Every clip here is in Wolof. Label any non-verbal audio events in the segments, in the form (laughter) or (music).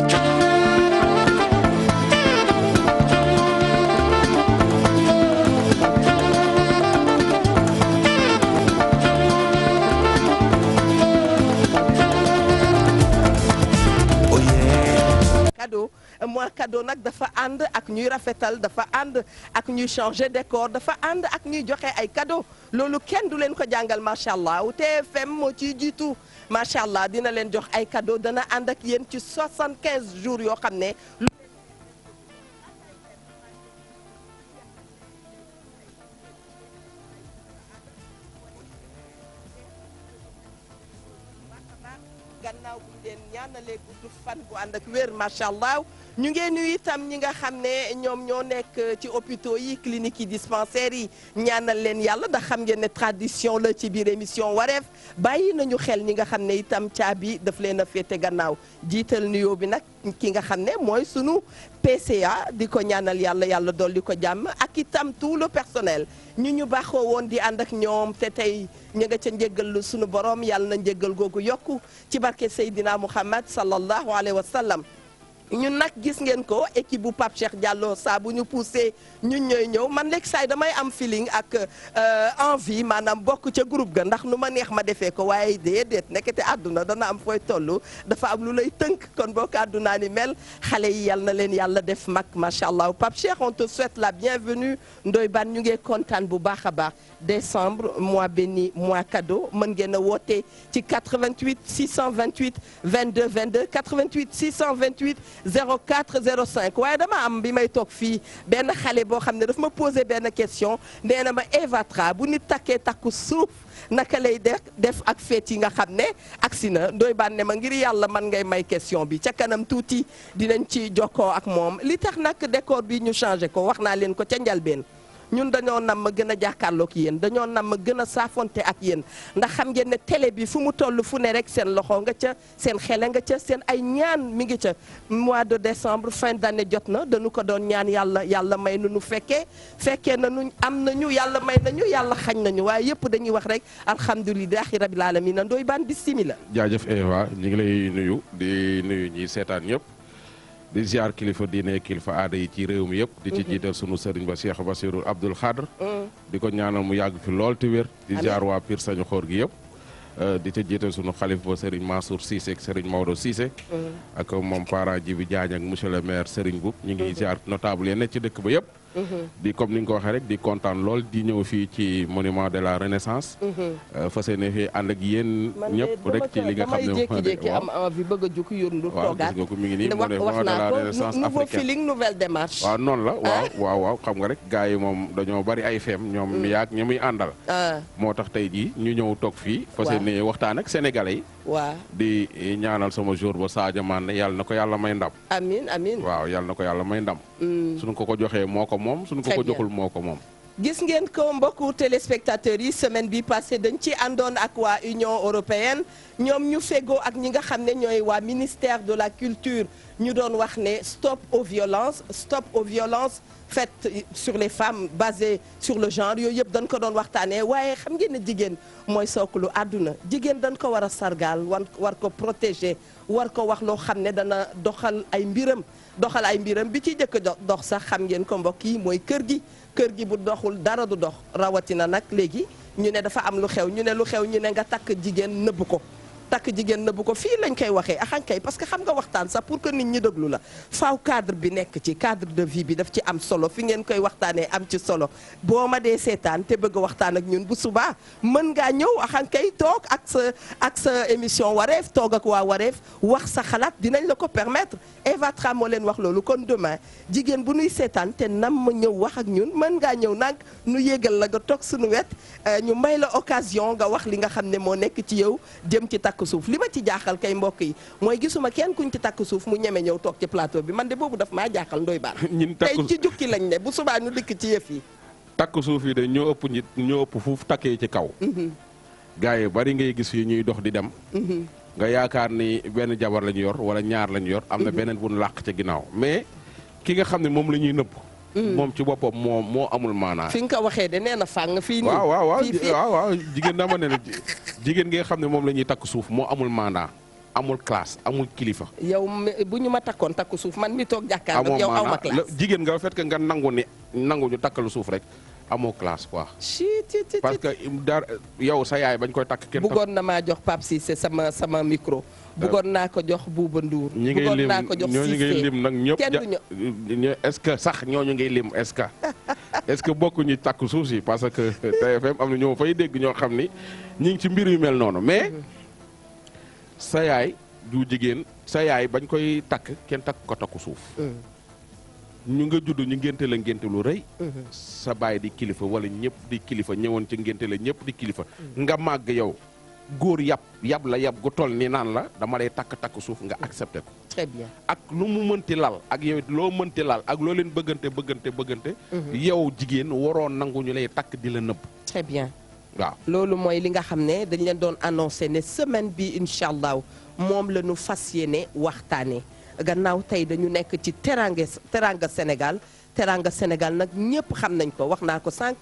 Thank you. mois cadeau nag dafa ànd ak ñuy rafetal dafa ànd ak ñuy changer décor dafa ànd ak ñuy joxe ay cadeau loolu kenn du leen ko jàngal macha allah TFM moo ci jiitu macha allah dina leen jox ay cadeau dana ànd ak yéen ci quinze jours yoo xam ne. gannaaw bu leen ànd ak wér macha allah. ñu ngeen nuyu itam ñi nga xam ne ñoom ñoo nekk ci hôpitaux yi cliniques yi dispensaires yi ñaanal leen yàlla ndax xam ngeen ne tradition la ci biir émission wareef bàyyi nañu xel ñi nga xam ne itam caabi daf leen a féete gannaaw jiital nuyoo bi nag ki nga xam ne mooy sunu PCA di ko ñaanal yàlla yàlla dool dolli ko jàmm ak itam tout le personnel ñu ñu baaxoo woon di ànd ak ñoom te tey ñu nga ca njëggal sunu borom yàlla na njëggal googu yokk ci barke Seydina Muhammad sallallahu alayhi wa sallam ñun nag gis ngeen ko équipe bu Pape Cheikh Diallo saa bu ñu poussé ñun ñooy ñëw man léegi saay damay am feeling ak euh, envie maanaam bokk ca groupe ga ndax nu ma neex ma defee ko waaye déedéet nekkete àdduna dana am fooy toll dafa am lu lay tënk kon boo ko àddunaa ni mel xale yi yal na leen yàlla def mag macha allah Pape Cheikh on te souhaite la bienvenue Ndoye Bane ñu ngi kontaan bu baax a baax décembre mois béni mois cadeau mën ngeen a woote ci 88 628 22 22 88 628. 04 05 waaye dama am bi may toog fii benn xale boo xam ne daf ma posé benn question nee na ma Eva bu nit takkee takku suuf naka lay def def ak feet yi nga xam ne agsi na doy bànne ma ngir yàlla man ngay may question bi ca kanam tuuti dinañ ci jokkoo ak moom li tax nak décor bi ñu changé ko wax naa leen ko ca njalbeen ñun dañoo nam a gën a jàkkaarloog yéen dañoo nam a gën a saafonte ak yéen ndax xam ngeen ne télé bi fu mu toll fu ne rek seen loxo nga ca seen xele nga ca seen ay ñaan mi ngi ca mois de décembre fin d'année jot na dañu ko doon ñaan yàlla yàlla may na ñu fekkee fekkee na nu am na nañu yàlla may nañu yàlla xañ nañu waaye yëpp dañuy wax rek alhamdulilahi rabil na a ndooy baan bismillah jaajëf Eva ñu ngi lay nuyu di nuyu ñi seetaan ñëpp di ziar kilifa diine kilifa aada yi ci réew mi yëpp. di ci mhm. jiital sunu sëriñ ba Cheikh Bassirou Abdoul Khadr. Mm. di ko ñaanal mu yàgg fi lool ti wér. di ziar waa Pire sañu xóor gi yëpp. Euh, di ca jiital sunu xalif ba Serigne Mansour Cissé ak Serigne Maodo Cissé. Mm. ak moom parent ji bi Diagne ak monsieur le maire Serigne Boub. ñu ngi mm-hmm. ziar notable yi ne ci dëkk ba yëpp. Mm-hmm. di comme ni nga ko waxee rek di kontaan lool di ñëw fii ci monument de la renaissance. Mm-hmm. Euh, fas yéene fii ànd ak yéen ñëpp rek ci li nga xam ne jékki-jékki nga ko mi ngi nii monument de la renaissance africaine nouvelle démarche. waaw noonu la ah. waaw waaw xam nga rek gars yi moom dañoo bari ay feem ñoom mm. yaag ñi muy àndal. Ah. moo tax tey jii ñu ñëw toog fii. waaw fas waxtaan ak sénégalais yi waaw di ñaanal sama jour ba Sadio Mané yàlla na ko yàlla may ndam. amiin waaw yàlla na ko yàlla may ndam. Mm. suñu ko ko joxee moo ko moom suñu ko ko moo ko moom. gis ngeen ko mbokku téléspectateurs yi semaine bi passé dañ ci àndoon ak waa Union européenne ñoom ñu fegoo ak ñi nga xam ne ñooy waa ministère de la culture ñu doon wax ne stop aux violences stop aux violences. faites sur les femmes basées sur le genre yooyu yëpp dañ ko doon waxtaanee waaye xam ngeen ne jigéen mooy sookulu àdduna jigéen dañ ko war a sargaal wan war ko protéger war ko wax loo xam ne dana doxal ay mbiram doxal ay mbiram bi ci jëkk dox sax xam ngeen ko mbokk yi mooy kër gi kër gi bu doxul dara du dox rawatina nag léegi ñu ne dafa am lu xew ñu ne lu xew ñu ne nga takk jigéen nëbb ko takk jigéen na bu ko fii lañ koy waxee axankay parce que xam nga waxtaan sax pour que nit ñi déglu la faaw cadre bi nekk ci cadre de vie bi daf ci am solo fi ngeen koy waxtaanee am ci solo boo ma dee seetaan te bëgg waxtaan ak ñun bu subaa mën ngaa ñëw axankay toog ak sa ak sa émission wareef toog ak waa wareef wax sa xalaat dinañ la ko permettre Eva Tra moo leen wax loolu kon demain jigéen bu nuy seetaan te nam ma ñëw wax ak ñun mën ngaa ñëw nag nu yégal la nga toog suñu wet euh, ñu may la occasion nga wax li nga xam ne moo nekk ci yow jëm ci takk takk suuf li ma ci jaaxal kay mbokk yi mooy gisuma kenn kuñ ci takk suuf mu ñeme ñëw toog ci plateau bi man de boobu daf maa jaaxal ndoy baar (laughs) tey ci jukki lañ ne bu subaa ñu dikk ci yëf yi takk suuf yi de ñoo ëpp nit ñoo ëpp fuuf takkee ci kaw mhm. gaa yi bari ngay gis yi ñuy dox di dem mhm. nga yaakaar ni benn jabar lañu yor wala ñaar lañu yor am na mhm. beneen bu làq ca ginnaaw mais ki nga xam ne moom la ñuy nëbb Mm. moom ci boppam moo moo amul maanaa. fi nga ko waxee de nee na fàng fii nii. waaw waaw waaw jigéen dama ne la jigéen ngay xam ne moom la ñuy takk suuf moo amul maanaa. amul classe amul kilifa. yow bu ñu ma takkoon takk suuf man mi toog jàkkaarloo yow aw jigéen nga fekk nga nangu ne nangu ñu takkalu suuf rek amoo classe quoi. parce que daar yow sa yaay bañ koy takk kenn. bëggoon na maa jox Pape Cissé sama sama micro. bëggoon naa ko jox Bouba Ndour. ñi naa ko jox Cissé ñooñu ngay lim nag ñëpp est-ce que sax ñooñu ngay lim est-ce que (laughs) est-ce que bokkuñu takku suuf si parce que (laughs) TFM am na ñoo fay dégg ñoo xam ni ñu ngi ci mbir yu mel noonu mais mm-hmm. sa yaay du jigéen sa yaay bañ koy takk kenn takk ko takku suuf. Mm-hmm. ñu nga judd ñu ngénte la ngénte lu rëy. Mm-hmm. sa baay di kilifa wala ñëpp di kilifa ñëwoon ci ngénte la ñëpp di kilifa. nga màgg yow góor yàpp yàpp la yàpp gu toll ni naan la dama lay takk takk suuf nga accepté ko. très bien ak lu mu mënti lal ak yow loo mënti lal ak leen bëggante bëggante bëggante. Mhm. yow jigéen waroon nangu ñu lay takk di la nëbb. très bien. waaw loolu mooy li nga xam ne dañ leen doon annoncé ne semaine bi incha allah moom la ñu fas yéene waxtaanee gannaaw tey dañu nekk ci teranga teranga Sénégal. teranga Sénégal nag ñëpp xam nañ ko wax naa ko sànq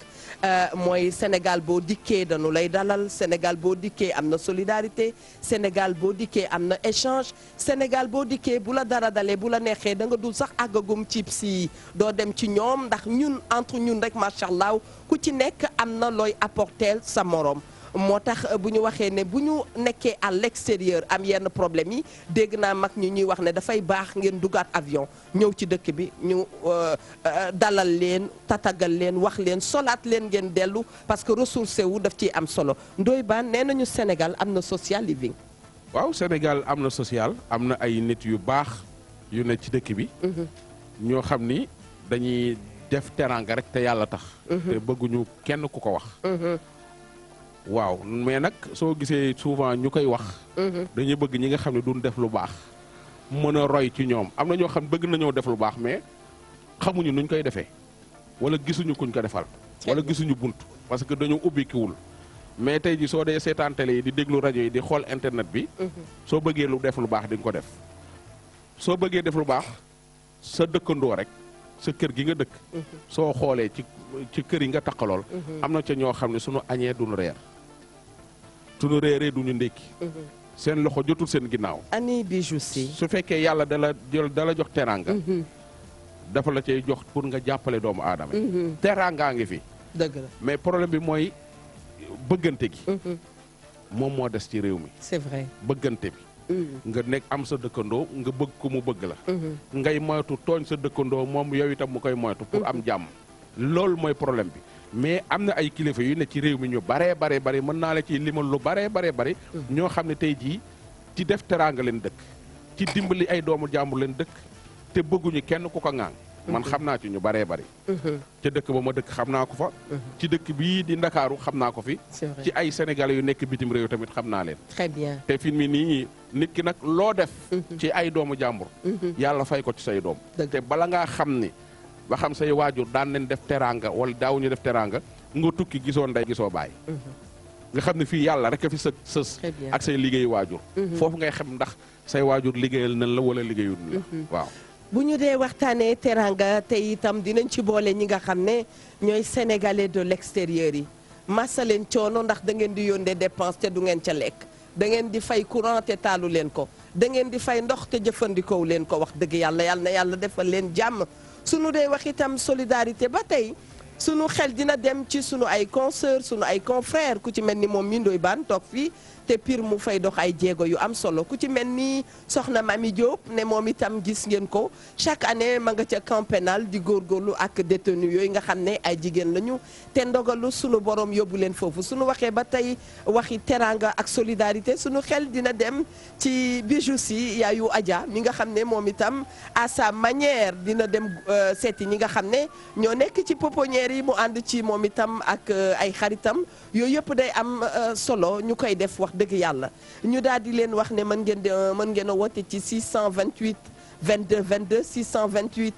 euh, mooy Sénégal boo dikkee dañu lay dalal Sénégal boo dikkee am na solidarité Sénégal boo dikkee am na échange Sénégal boo dikkee bu la dara dalee bu la neexee danga dul sax àggagum cib si doo dem ci ñoom ndax ñun entre ñun rek macha allah ku ci nekk am na looy apporteel sa moroom moo tax euh, bu ñu waxee ne bu ñu nekkee à l'extérieur am yenn problème yi dégg naa mag ñi ñuy wax ne dafay baax ngeen dugaat avion ñëw ci dëkk bi ñu euh, euh, dalal leen tatagal leen wax leen solaat leen ngeen dellu parce que ressource wu def ci am solo Ndoye Bane nee nañu Sénégal am na social living. waaw Sénégal am na social am na ay nit yu baax yu ne ci dëkk bi. Mhm. ñoo xam ni dañuy def teraanga rek te yàlla tax. Mhm. te bëgguñu kenn ku ko wax. Mhm. waaw mais nag soo gisee souvent ñu koy wax. Mm-hmm. dañuy bëgg ñi nga xam ne duñ def lu baax. mën a roy ci ñoom am na ñoo xam bëgg nañoo def lu baax mais xamuñu nuñ koy defee wala gisuñu kuñ ko defal. wala gisuñu bunt parce que dañoo ubbikiwul mais tey ji soo dee seetaan yi di déglu rajo yi di xool internet bi. Mm-hmm. soo bëggee lu def lu baax di ko def. soo bëggee def lu baax sa dëkkandoo rek. sa kër gi nga dëkk. Mm-hmm. soo xoolee ci ci kër yi nga taxalool. am na ca ñoo xam ne sunu añee duñu reer. suñu réeree duñu ndékki mhm. seen loxo jotul seen ginnaaw ani bijou si su fekkee yàlla dala dala jox teraanga mhm. dafa la cay jox pour nga jàppale doomu aadama mhm. teraangaa ngi fi dëgg mais problème bi mooy bëggante gi moom moo des ci réew mi c'est bëggante bi nga nekk am sa dëkkandoo nga bëgg ko mu bëgg la ngay moytu tooñ sa dëkkandoo moom yow itam mu koy moytu pour am jàmm loolu mooy problème bi mais am na ay kilifa yu ne ci réew mi ñu bare baree bari mën naa la ci limon lu baree baree bari ñoo xam ne tey jii ci def teraanga leen dëkk ci dimbali ay doomu jàmbur leen dëkk te bëgguñu kenn ku ko ŋaan man mhm. xam naa ci ñu baree bari mhm. ca dëkk ba ma dëkk xam naa ko fa mhm. ci dëkk bii di ndakaaru xam naa ko fi ci ay sénégalais yu nekk bitim réew tamit xam naa leen très te fi mi nii nit ki nag loo def ci ay doomu jàmbur yàlla fay ko ci say doom te bala ngaa xam ni ba xam say waajur daan nañ def teraanga wala daawuñu def teraanga nga tukki gisoo ndey gisoo baay. Mm-hmm. nga xam ne fii yàlla rek fi sa sës. ak say waajur. Mm-hmm. foofu ngay xam ndax say waajur liggéeyal nañ la wala liggéeyul la mm-hmm. waaw. bu ñu dee waxtaanee teraanga tey itam dinañ ci boole ñi nga xam ne ñooy sénégalais de l'extérieur yi massa leen coono ndax da ngeen di yónnee dépense te du ngeen ca lekk dangeen di fay courant te taalu leen ko dangeen di fay ndox te jëfandikoo leen ko wax dëgg yàlla yàlla na yàlla defal leen jàmm su nu dee wax itam solidarité ba tey sunu xel dina dem ci sunu ay consoeurs sunu ay confrères ku ci mel ni moom Mindoy Bane toog fii te piir mu fay dox ay jéego yu am solo ku ci mel ni soxna Mami Diop ne moom itam gis ngeen ko chaque année ma nga ca camp pénal di góorgóorlu ak détenu yooyu nga xam ne ay jigéen lañu te ndogalu sunu borom yóbbu leen foofu sunu waxee ba tey waxi teraanga ak solidarité sunu xel dina dem ci bijou si yaayu Adja mi nga xam ne moom itam à sa manière dina dem euh, seeti ñi nga xam ne ñoo nekk ci pouponnière yi mu ànd ci moom itam ak euh, ay xaritam. yooyu yëpp day am euh, solo ñu koy def wax dëgg yàlla ñu daal di leen wax ne mën ngeen euh, mën ngeen a woote ci vingt 628. vingt vingt deux deux 22 22 628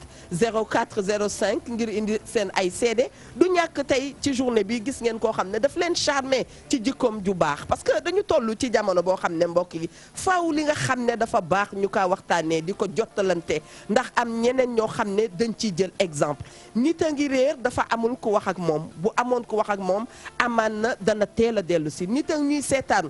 04 cinq ngir indi seen ay seede du ñàkk tey ci journée bi gis ngeen koo xam ne dafa leen charmer ci jikkoom ju baax parce que dañu toll ci jamono boo xam ne mbokk yi faw li nga xam ne dafa baax ñu kaa waxtaanee di ko jottalante ndax am ñeneen ñoo xam ne dañ ci jël exemple nit a ngi réer dafa amul ku wax ak moom bu amoon ku wax ak moom amaan na dana teel a dellu si nit a ñuy seetaan.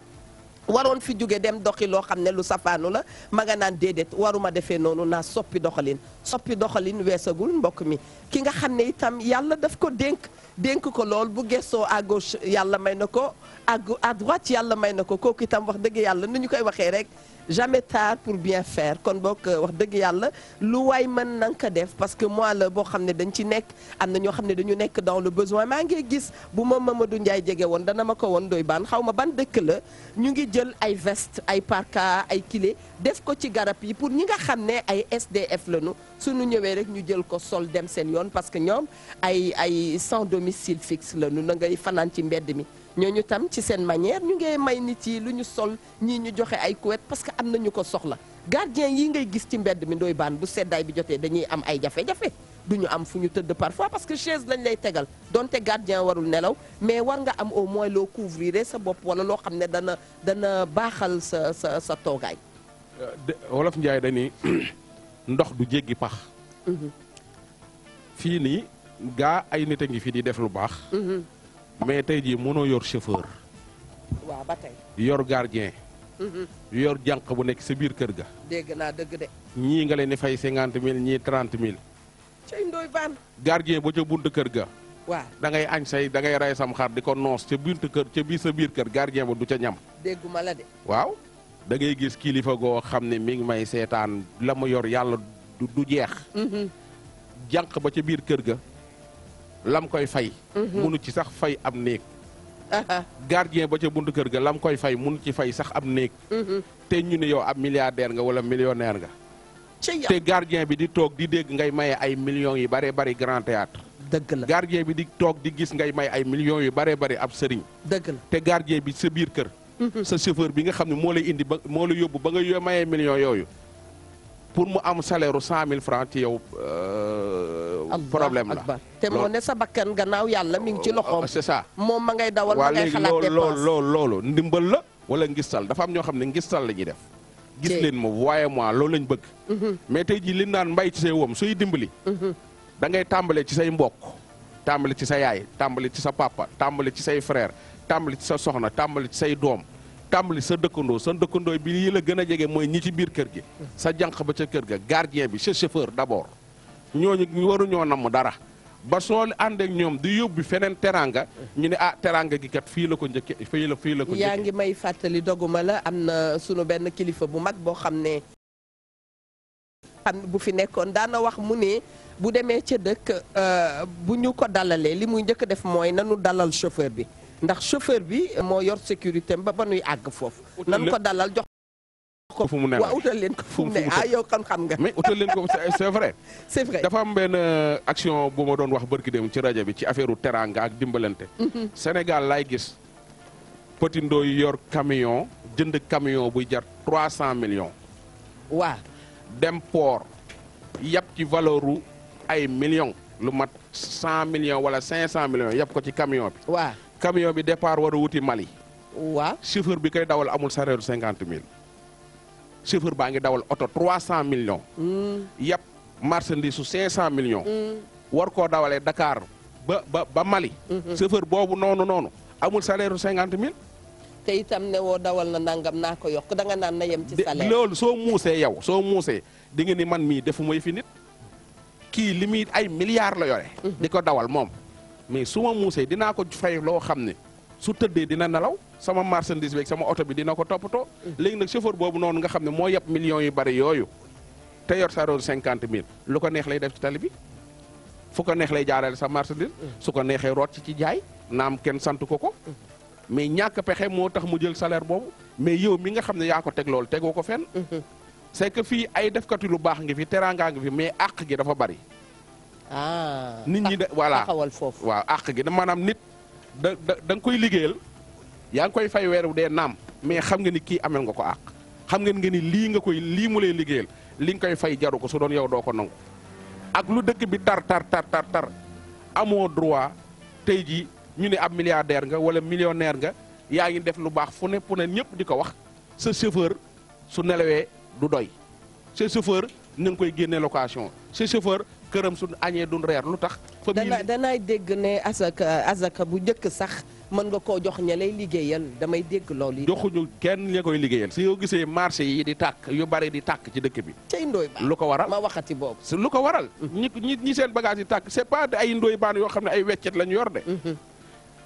waroon fi jóge dem doxi loo xam ne lu safaanu la ma nga naan déedéet waruma defee noonu naa soppi doxalin soppi doxalin weesagul mbokk mi ki nga xam ne itam yàlla daf ko dénk dénk ko lool bu gestoo à gauche yàlla may na ko à à droite yàlla may na ko kooku itam wax dëgg yàlla nu ñu koy waxee rek jamais tard pour bien faire kon boog euh, wax dëgg yàlla lu waay mën na ko def parce que moi la boo xam ne dañ ci nekk am na ñoo xam ne dañu nekk dans le besoin maa ngi gis bu ma Mamadou Ndiaye jege woon dana ma ko woon doy baan xaw ma ban dëkk la ñu ngi jël ay vest ay parka ay kile def ko ci garab yi pour ñi nga xam ne ay SDF su nu ñëwee rek ñu jël ko sol dem seen yoon parce que ñoom ay ay sans domicile fixe lañu na ngay fanaan ci mbedd mi ñooñu tam ci seen manière ñu ngey may nit yi lu ñu sol ñii ñu joxe ay couette parce que am na ñu ko soxla gardien yi ngay gis ci mbedd mi ndoy baan bu seddaay bi jotee dañuy am ay jafe-jafe du ñu am fu ñu tëdd parfois parce que chaise lañ lay tegal donte gardien warul nelaw mais war nga am au moins loo couvrir sa bopp wala loo xam ne dana dana baaxal sa sa sa toogaay. Euh, wolof Njaay dañuy (clears throat) ndox du jéggi pax. Mhm. fii nii gaa ay nit a ngi fi di def lu baax. Mhm. mais tey jii mënoo yor chauffeur. waaw ba tey. yor gardien. Mhm. yor jànq bu nekk sa biir kër ga. dégg naa dëgg de. ñii nga leen fay cinquante mille ñii trente mille. cay ndooy baan. gardien ba ca buntu kër ga. waaw da ngay añ say da ngay rey sam xar di ko noos ca buntu kër ca biir sa biir kër gardien ba du ca ñam. dégguma la de. waaw da ngay gis kilifa goo xam ne mi ngi may seetaan la ma yor yàlla du jeex. Mhm. janq ba ca biir kër ga. lam koy fay. Mhm. munu ci sax fay am néeg. (laughs) gardien ba ca buntu kër ga lam koy fay munu ci fay sax am néeg. Mhm. te ñu ne yow ab milliardaire nga wala millionnaire nga. te gardien bi di toog di dégg ngay maye ay millions yu bare bari grand théâtre dëgg la gardien bi di toog di gis ngay may ay millions yu bare bari ab sëriñ. dëgg la te gardien bi sa biir kër. Mhm. sa chauffeur bi nga xam ne moo lay indi ba moo la yóbbu ba nga mayee million yooyu. pour mu am salaire cent mille francs ci yow. Euh, problème la te moo ne sa bakkan gannaaw yàlla mi ngi ci loxoom. Ah, c'est ça moom ma ngay dawal ma ngay xalaat dépense waaw léegi loolu loolu ndimbal la wala ngistal dafa am ñoo xam ne ngistal la ñuy def. gis leen ma voyé moi loolu lañ bëgg. Mhm. mais tey jii li naan mbay ci say wom suy dimbali. Mhm. da ngay tàmbale ci say mbok tàmbale ci sa yaay tàmbale ci sa papa tàmbale ci say frère tàmbale ci sa soxna tàmbale ci say doom. tàmbali sa dëkkandoo sa dëkkandoo bi lii la gën a jege mooy ñii ci biir kër gi sa jànq ba ca kër ga gardien bi sa chauffeur d'abord ñooñu waruñoo mu dara ba soo ànd ak ñoom di yóbbu feneen teranga ñu ne ah teranga gi kat fii la ko njëkke fii la ko njëkke yaa ngi may fàttali doguma la am na sunu benn kilifa bu mag boo xam ne bu fi nekkoon daana wax mu ne bu demee ca dëkk euh, bu ñu ko dalalee li muy njëkk def mooy nanu dalal chauffeur bi ndax chauffeur bi moo yor sécurité ba ba nuy àgg foofu. nan ko dalal jox ko fu mu ne waaw utal leen ko ah yow xam nga. mais utal leen ko c'est vrai. (laughs) c'est vrai dafa am euh, action bu ma doon wax bërki dem ci rajo bi ci affaire teranga ak dimbalante. Mhm. Sénégal laay gis petit ndoo yor camion jënd camion buy jar trois cent millions. waaw dem port yàpp ci valeur ay millions lu mat cent millions wala cinq cent millions yàpp ko ci camion bi. waaw. camion bi départ war a wuti Mali. waa chauffeur bi koy dawal amul salaire cinquante mille. chauffeur baa ngi dawal oto trois cent millions. Mm. yàpp marchandise su cinq cent millions. Mm. war koo dawale Dakar ba ba ba Mali. Mm-hmm. chauffeur boobu noonu noonu amul salaire cinquante mille. te itam ne woo dawal na nangam naa ko yokk danga naan na yem ci salaire. loolu soo muusee yow soo muusee di nga ni man mii defu may fi nit kii li muy ay milliards la yore. Mm-hmm. di ko dawal moom. mais su ma muusee dinaa ko fay loo xam ne su tëddee dina nelaw sama marchandise beeg sama oto bi dina ko toppatoo. léegi nag chauffeur boobu noonu nga xam ne moo yab millions yi bari yooyu te yor sa cinquante mille lu ko neex lay def ci tali bi fu ko neex lay jaarale sa marchandise. su ko neexee root ci ci jaay naam kenn sant ko ko. mais ñàkk pexe moo tax mu jël salaire boobu mais yow mi nga xam ne yaa ko teg loolu tegoo ko fen mm-hmm. c'est que fii ay defkati lu baax ngi fi teraanga ngi mais àq gi dafa bari. Ah. nit ñi de voilà taxawal foofu waaw àq gi da maanaam nit da da nga koy liggéeyal yaa ngi koy fay weer wu naam mais xam nga ni kii amel nga ko àq xam ngeen nga ni lii nga koy lii mu lay liggéeyal li nga koy fay jaru ko su doon yow doo ko nangu ak lu dëkk bi tar tar tar amoo droit tey jii ñu ne ab milliardaire nga wala millionnaire nga yaa ngi def lu baax fu ne fu ne ñëpp di ko wax sa chauffeur su nelawee du doy sa chauffeur na koy génne location sa chauffeur këram suñ añee duñ reer lu tax. famille danaay dégg ne asaka asaka bu njëkk sax mën nga koo jox ña lay liggéeyal damay dégg loolu yi. joxuñu kenn ña koy liggéeyal su yoo gisee marché yi di tàkk yu bari di tàkk ci dëkk bi. cay ndooy lu ko waral ma waxati boobu. lu ko waral. Mm-hmm. ñi ñi ñi seen bagage yi tàkk c'est pas ay ndooy baan yoo xam ne ay weccet la yor de. Mm-hmm.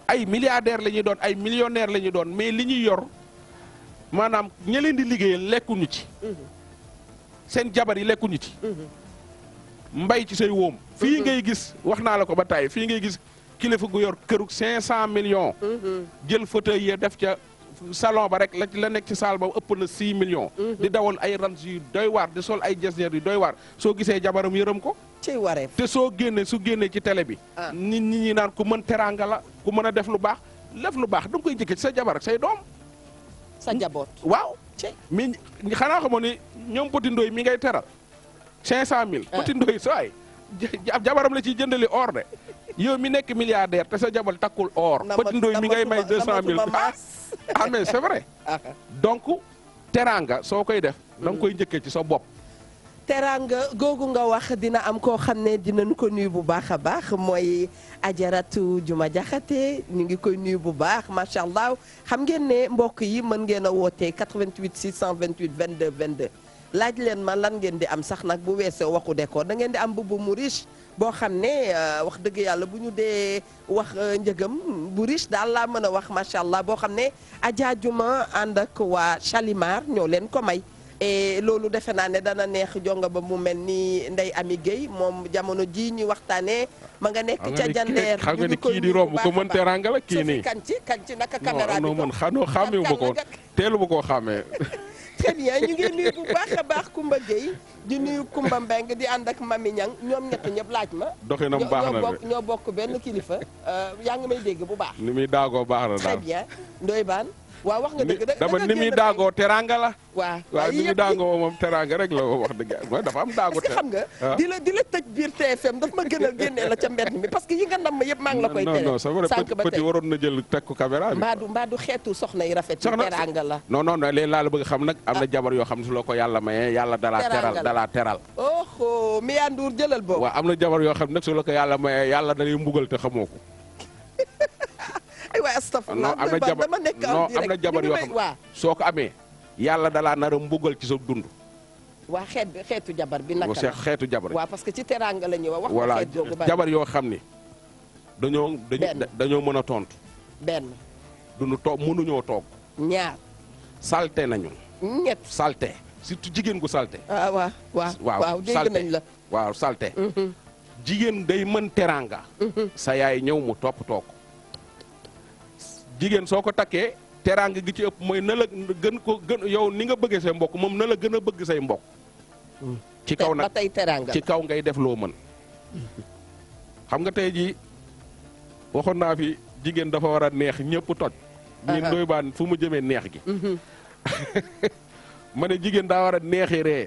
ay milliardaire la ñuy doon ay millionnaire la ñuy doon mais li ñuy yor maanaam ña leen di liggéeyal lekkuñu ci. Mm-hmm. seen jabar yi lekkuñu ci. mbay ci say woom fii ngay gis wax naa la ko ba tey fii ngay gis kilifa gu yor këruk cent million jël fauteuil ya def ca salon ba rek la la nekk ci salle ba ëpp na 6 million di dawal ay rans yu doy waar di sol ay gestionnaires yu doy waar soo gisee jabaram yërëm ko ci wareef te soo génnee su génnee ci tele bi ah. nit ñi ñi naan ku mën teraanga la ku mën a def lu baax def lu baax da koy jëkke ci sa jabar say doom sa njaboot waaw mais xanaa xamoon ni ñoom Petit Ndoye mi ngay teral cinq cent mille ah. Petit Ndoye a jabaram la ciy jëndali or de yow mi nekk milliardaire te sa jabar takkul or Petit Ndoye mi ngay may deux cent mille ah, ah mais c'est vrai ah. donc teraanga soo koy def da nga mm. koy njëkkee ci sa bopp teraanga googu nga wax dina am koo xam ne dinañ ko nuyu bu baax a baax mooy ajaratu juma jaxate ñu ngi koy nuyu bu baax macha allah xam ngeen ne mbok yi mën ngeen a wootee 88 628 22 22 laaj leen ma lan ngeen di am sax nag bu weesoo waxu décor da ngeen di am mbubb mu riche boo xam ne euh, wax dëgg yàlla bu ñu dee wax euh, njëgam bu riche daal laa mën a wax macha allah boo xam ne ajaajuma ànd ak waa Chalimar ñoo leen ko may. loolu defe naa ne dana neex jonga ba mu mel ni Ndeye Amy Guèye moom jamono jii ñu waxtaanee. ma nga nekk ca jandeer xam nga ni kii di romb ko mën teranga la kii nii. kanci kanci naka caméra bi non non man xanoo xàmmewu ma ko teelu ma koo (laughs) très bien ñu ngi nuyu bu baax a baax Kumba Gueye di nuyu Kumba Mbeng di ànd ak Mami Ñang ñoom ñett ñëpp laaj ma. doxinam baax na de ñoo bokk benn kilifa euh, yaa ngi may dégg bu baax. nu muy daagoo baax na daal waaw wax nga dëgg dama ni muy daagoo teranga la. waaw waaw ni muy daagoo wax dëgg mooy dafa am daago te xam nga ah. di la di la tëj biir parce que yi nga ndam ma yëpp maa ngi la koy tere non non c'est waroon na jël tekku caméra bi mbaadu mbaadu xeetu soxna yi rafet ci la non non laa la xam nag am na ah. jabar yoo xam ne su la ko yàlla mayee yàlla dalaa teral dalaa teral oho mi yaa nduur jëlal boobu waaw am na jabar yoo xam ne nag su la ko yàlla mayee yàlla dalay mbugal te xamoo ko (laughs) aywa astafurlah am na jabar am na jabar yoo xam soo ko amee yàlla dalaa nar a mbugal ci sa dund waa xeet bi xeetu jabar bi naka la xeetu jabar waaw parce que ci teraanga la ñuy wax voilà jabar yoo xam ne dañoo dañoo mën a tontu benn duñu toog mënuñoo toog ñaar salté nañu ñett salté surtout jigéen gu salté ah waaw waaw nañ la waaw salté mm-hmm. jigéen day mën teraanga mm-hmm. sa yaay ñëw mu topp toog jigéen soo ko takkee teraanga gi ci ëpp mooy na la gën ko gën yow ni nga bëggee say mbokk moom na la gën a bëgg say mbokk. Mm. ci kaw nag ci kaw ngay def loo mën. xam nga tey jii waxoon naa fi jigéen dafa war a neex ñëpp toj. ñun doy baan fu mu jëmee neex gi. Mm-hmm. (laughs) ma ne jigéen daa war a neexi ree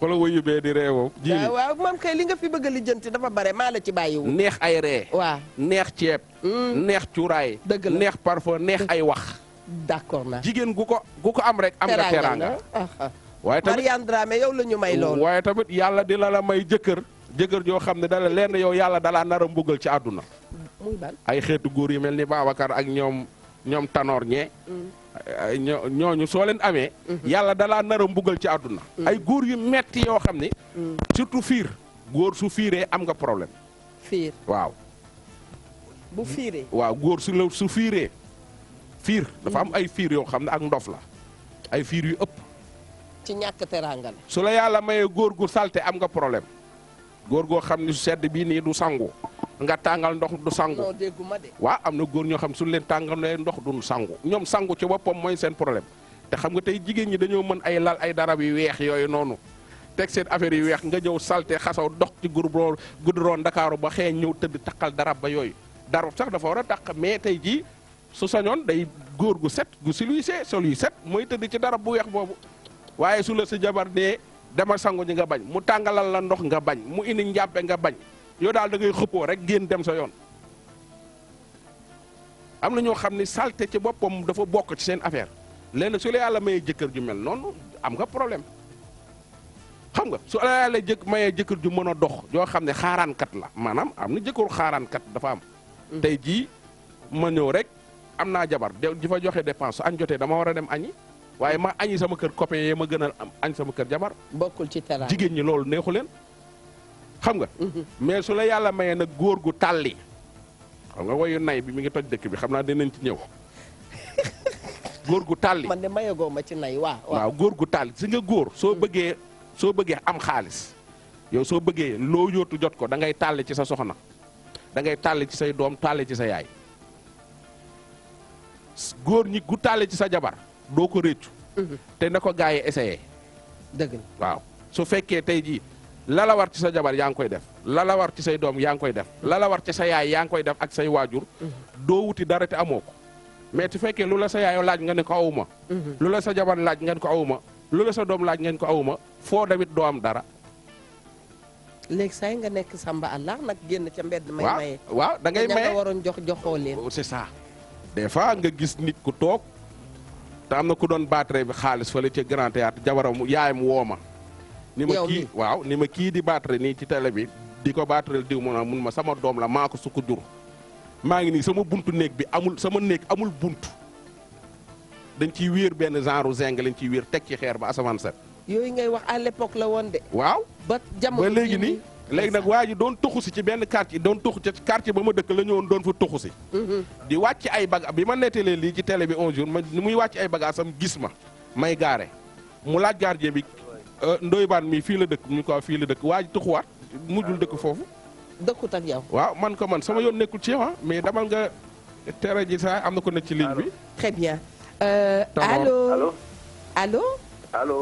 wala mm. wayu bee di ree woowu waaw moom kay li nga fi bëgg lijjanti dafa bare maa la ci bàyyiwu neex ay ree waaw neex ceeb mm. neex cuuraay dëgg neex parfum neex ay wax d'accord na jigéen gu ko gu ko am rek am nga teraanga waaye tamit yow la ñu may loolu waaye tamit yàlla di la la may jëkkër jëkkër joo xam ne dala leen yow yàlla dalaa nar a mbugal ci àdduna ay xeetu góor yi mel ni Babacar ak ñoom ñoom tanoor ñee mm. ñooñu soo leen amee mhm. yàlla dalaa nara a ci àdduna mhm. ay góor yu metti yoo xam ne mhm. surtout fiir góor su fiiree am nga problème fiir waaw bu fiiree waaw góor su la su fiiree fiir dafa am ay fiir yoo xam ne ak ndof la ay fiir yu ëpp ci ñàkk teraanga la su la yàlla mayee góor gu salte am nga problème góor goo xam ne su sedd bii nii du sangu nga tàngal ndox du sangu waa am na góor ñoo xam suñu leen tàngalee ndox duñu sangu ñoom sangu ci boppam mooy seen problème te xam nga tey jigéen ñi dañoo mën ay lal ay darab yu weex yooyu noonu teg seen affaire yu weex nga ñëw salte xasaw dox ci gudroon gudroon Ndakaaru ba xëy ñëw tëdd taqal dara ba yooyu darab sax dafa war a taq mais tey jii su sañoon day góor gu set gu siluisee sol yu set mooy tëdd ci dara bu weex boobu waaye su la sa jabar nee dama sangu ji nga bañ mu tàngalal la ndox nga bañ mu indi njàppe nga bañ yow daal da ngay xëppoo rek génn dem sa yoon am na ñoo xam ne salte ci boppam dafa bokk ci seen affaire léegi su la yàlla mayee jëkkër ju mel noonu am nga problème xam nga su la yàlla mayee jëkkër ju mën a dox yoo xam ne xaaraankat la maanaam am na jëkkër xaaraankat dafa am. Mm. tey jii ma ñëw rek am naa jabar di fa joxe dépense su añ jotee dama war a dem añi waaye ma añi sama kër copain yee ma gën a am añ sama kër jabar. bokkul ci teraanga jigéen ñi loolu neexu leen. xam nga. mais su la yàlla mayee nag góor gu tàlli xam nga woyu nay bi mi ngi toj dëkk bi xam naa dinañ ci ñëw. (laughs) góor gu tàlli man de mayagoo ma ci nay waaw. waaw góor gu tàlli si nga góor soo mm. bëggee soo bëggee am xaalis yow soo bëggee loo yóotu jot ko da ngay tàlli ci sa soxna dangay ngay tàlli ci say doom tàlli ci sa yaay. góor ñi gu tàlli ci sa jabar doo ko réccu. Mm-hmm. te na ko gaa yi essayé. dëgg waaw su fekkee tey la la war ci sa jabar yaa ngi koy def la la war ci say doom yaa ngi koy def la la war ci sa yaay yaa ngi koy def ak say waajur doo wuti dara te amoo ko mais su fekkee lu la sa yaayoo laaj nga ne ko awuma lu la sa jabar laaj ngeen ko awuma lu la sa doom laaj ngeen ko awuma foo damit doo am dara léegi saa yi nga nekk samba allah nag génn ca mbedd may maye waaw dangay ngay maye waroon jox joxoo leen oh, c'est ça des fois nga gis nit ku toog ta am na ku doon battre bi xaalis fële ca Grand Théâtre jabaram yaayam wooma ni ma kii waaw ni ma kii di battre nii ci télé bi di ko battre diw mu mun ma sama doom la maa ko su jur maa ngi nii sama buntu néeg bi amul sama néeg amul bunt dañ ciy wiir benn genre zinc lañ ciy wéer teg ci xeer ba asamaan set yooyu ngay wax à la woon de. waaw ba jamono léegi nii léegi nag waa ji doon tuxu si ci benn quartier doon tuxu ci quartier ba ma dëkk la ñëwoon doon fa tuxu si. Mm-hmm. di wàcc ay baga bi ma nettalee lii ci télé bi 11 jours ma ni muy wàcc ay bagaasam gis ma may gaare mu laaj gardien bi Euh, Ndoye Bane mii fii la dëkk ñu ko fii la dëkk waa ji tuxuwaat mujjul dëkk foofu. dëkkut ak yow. waaw man ko man sama yoon nekkul ci yow ah, mais damal nga tere ji saa am na ko nekk ci ligne bi. très bien. allo allo allo.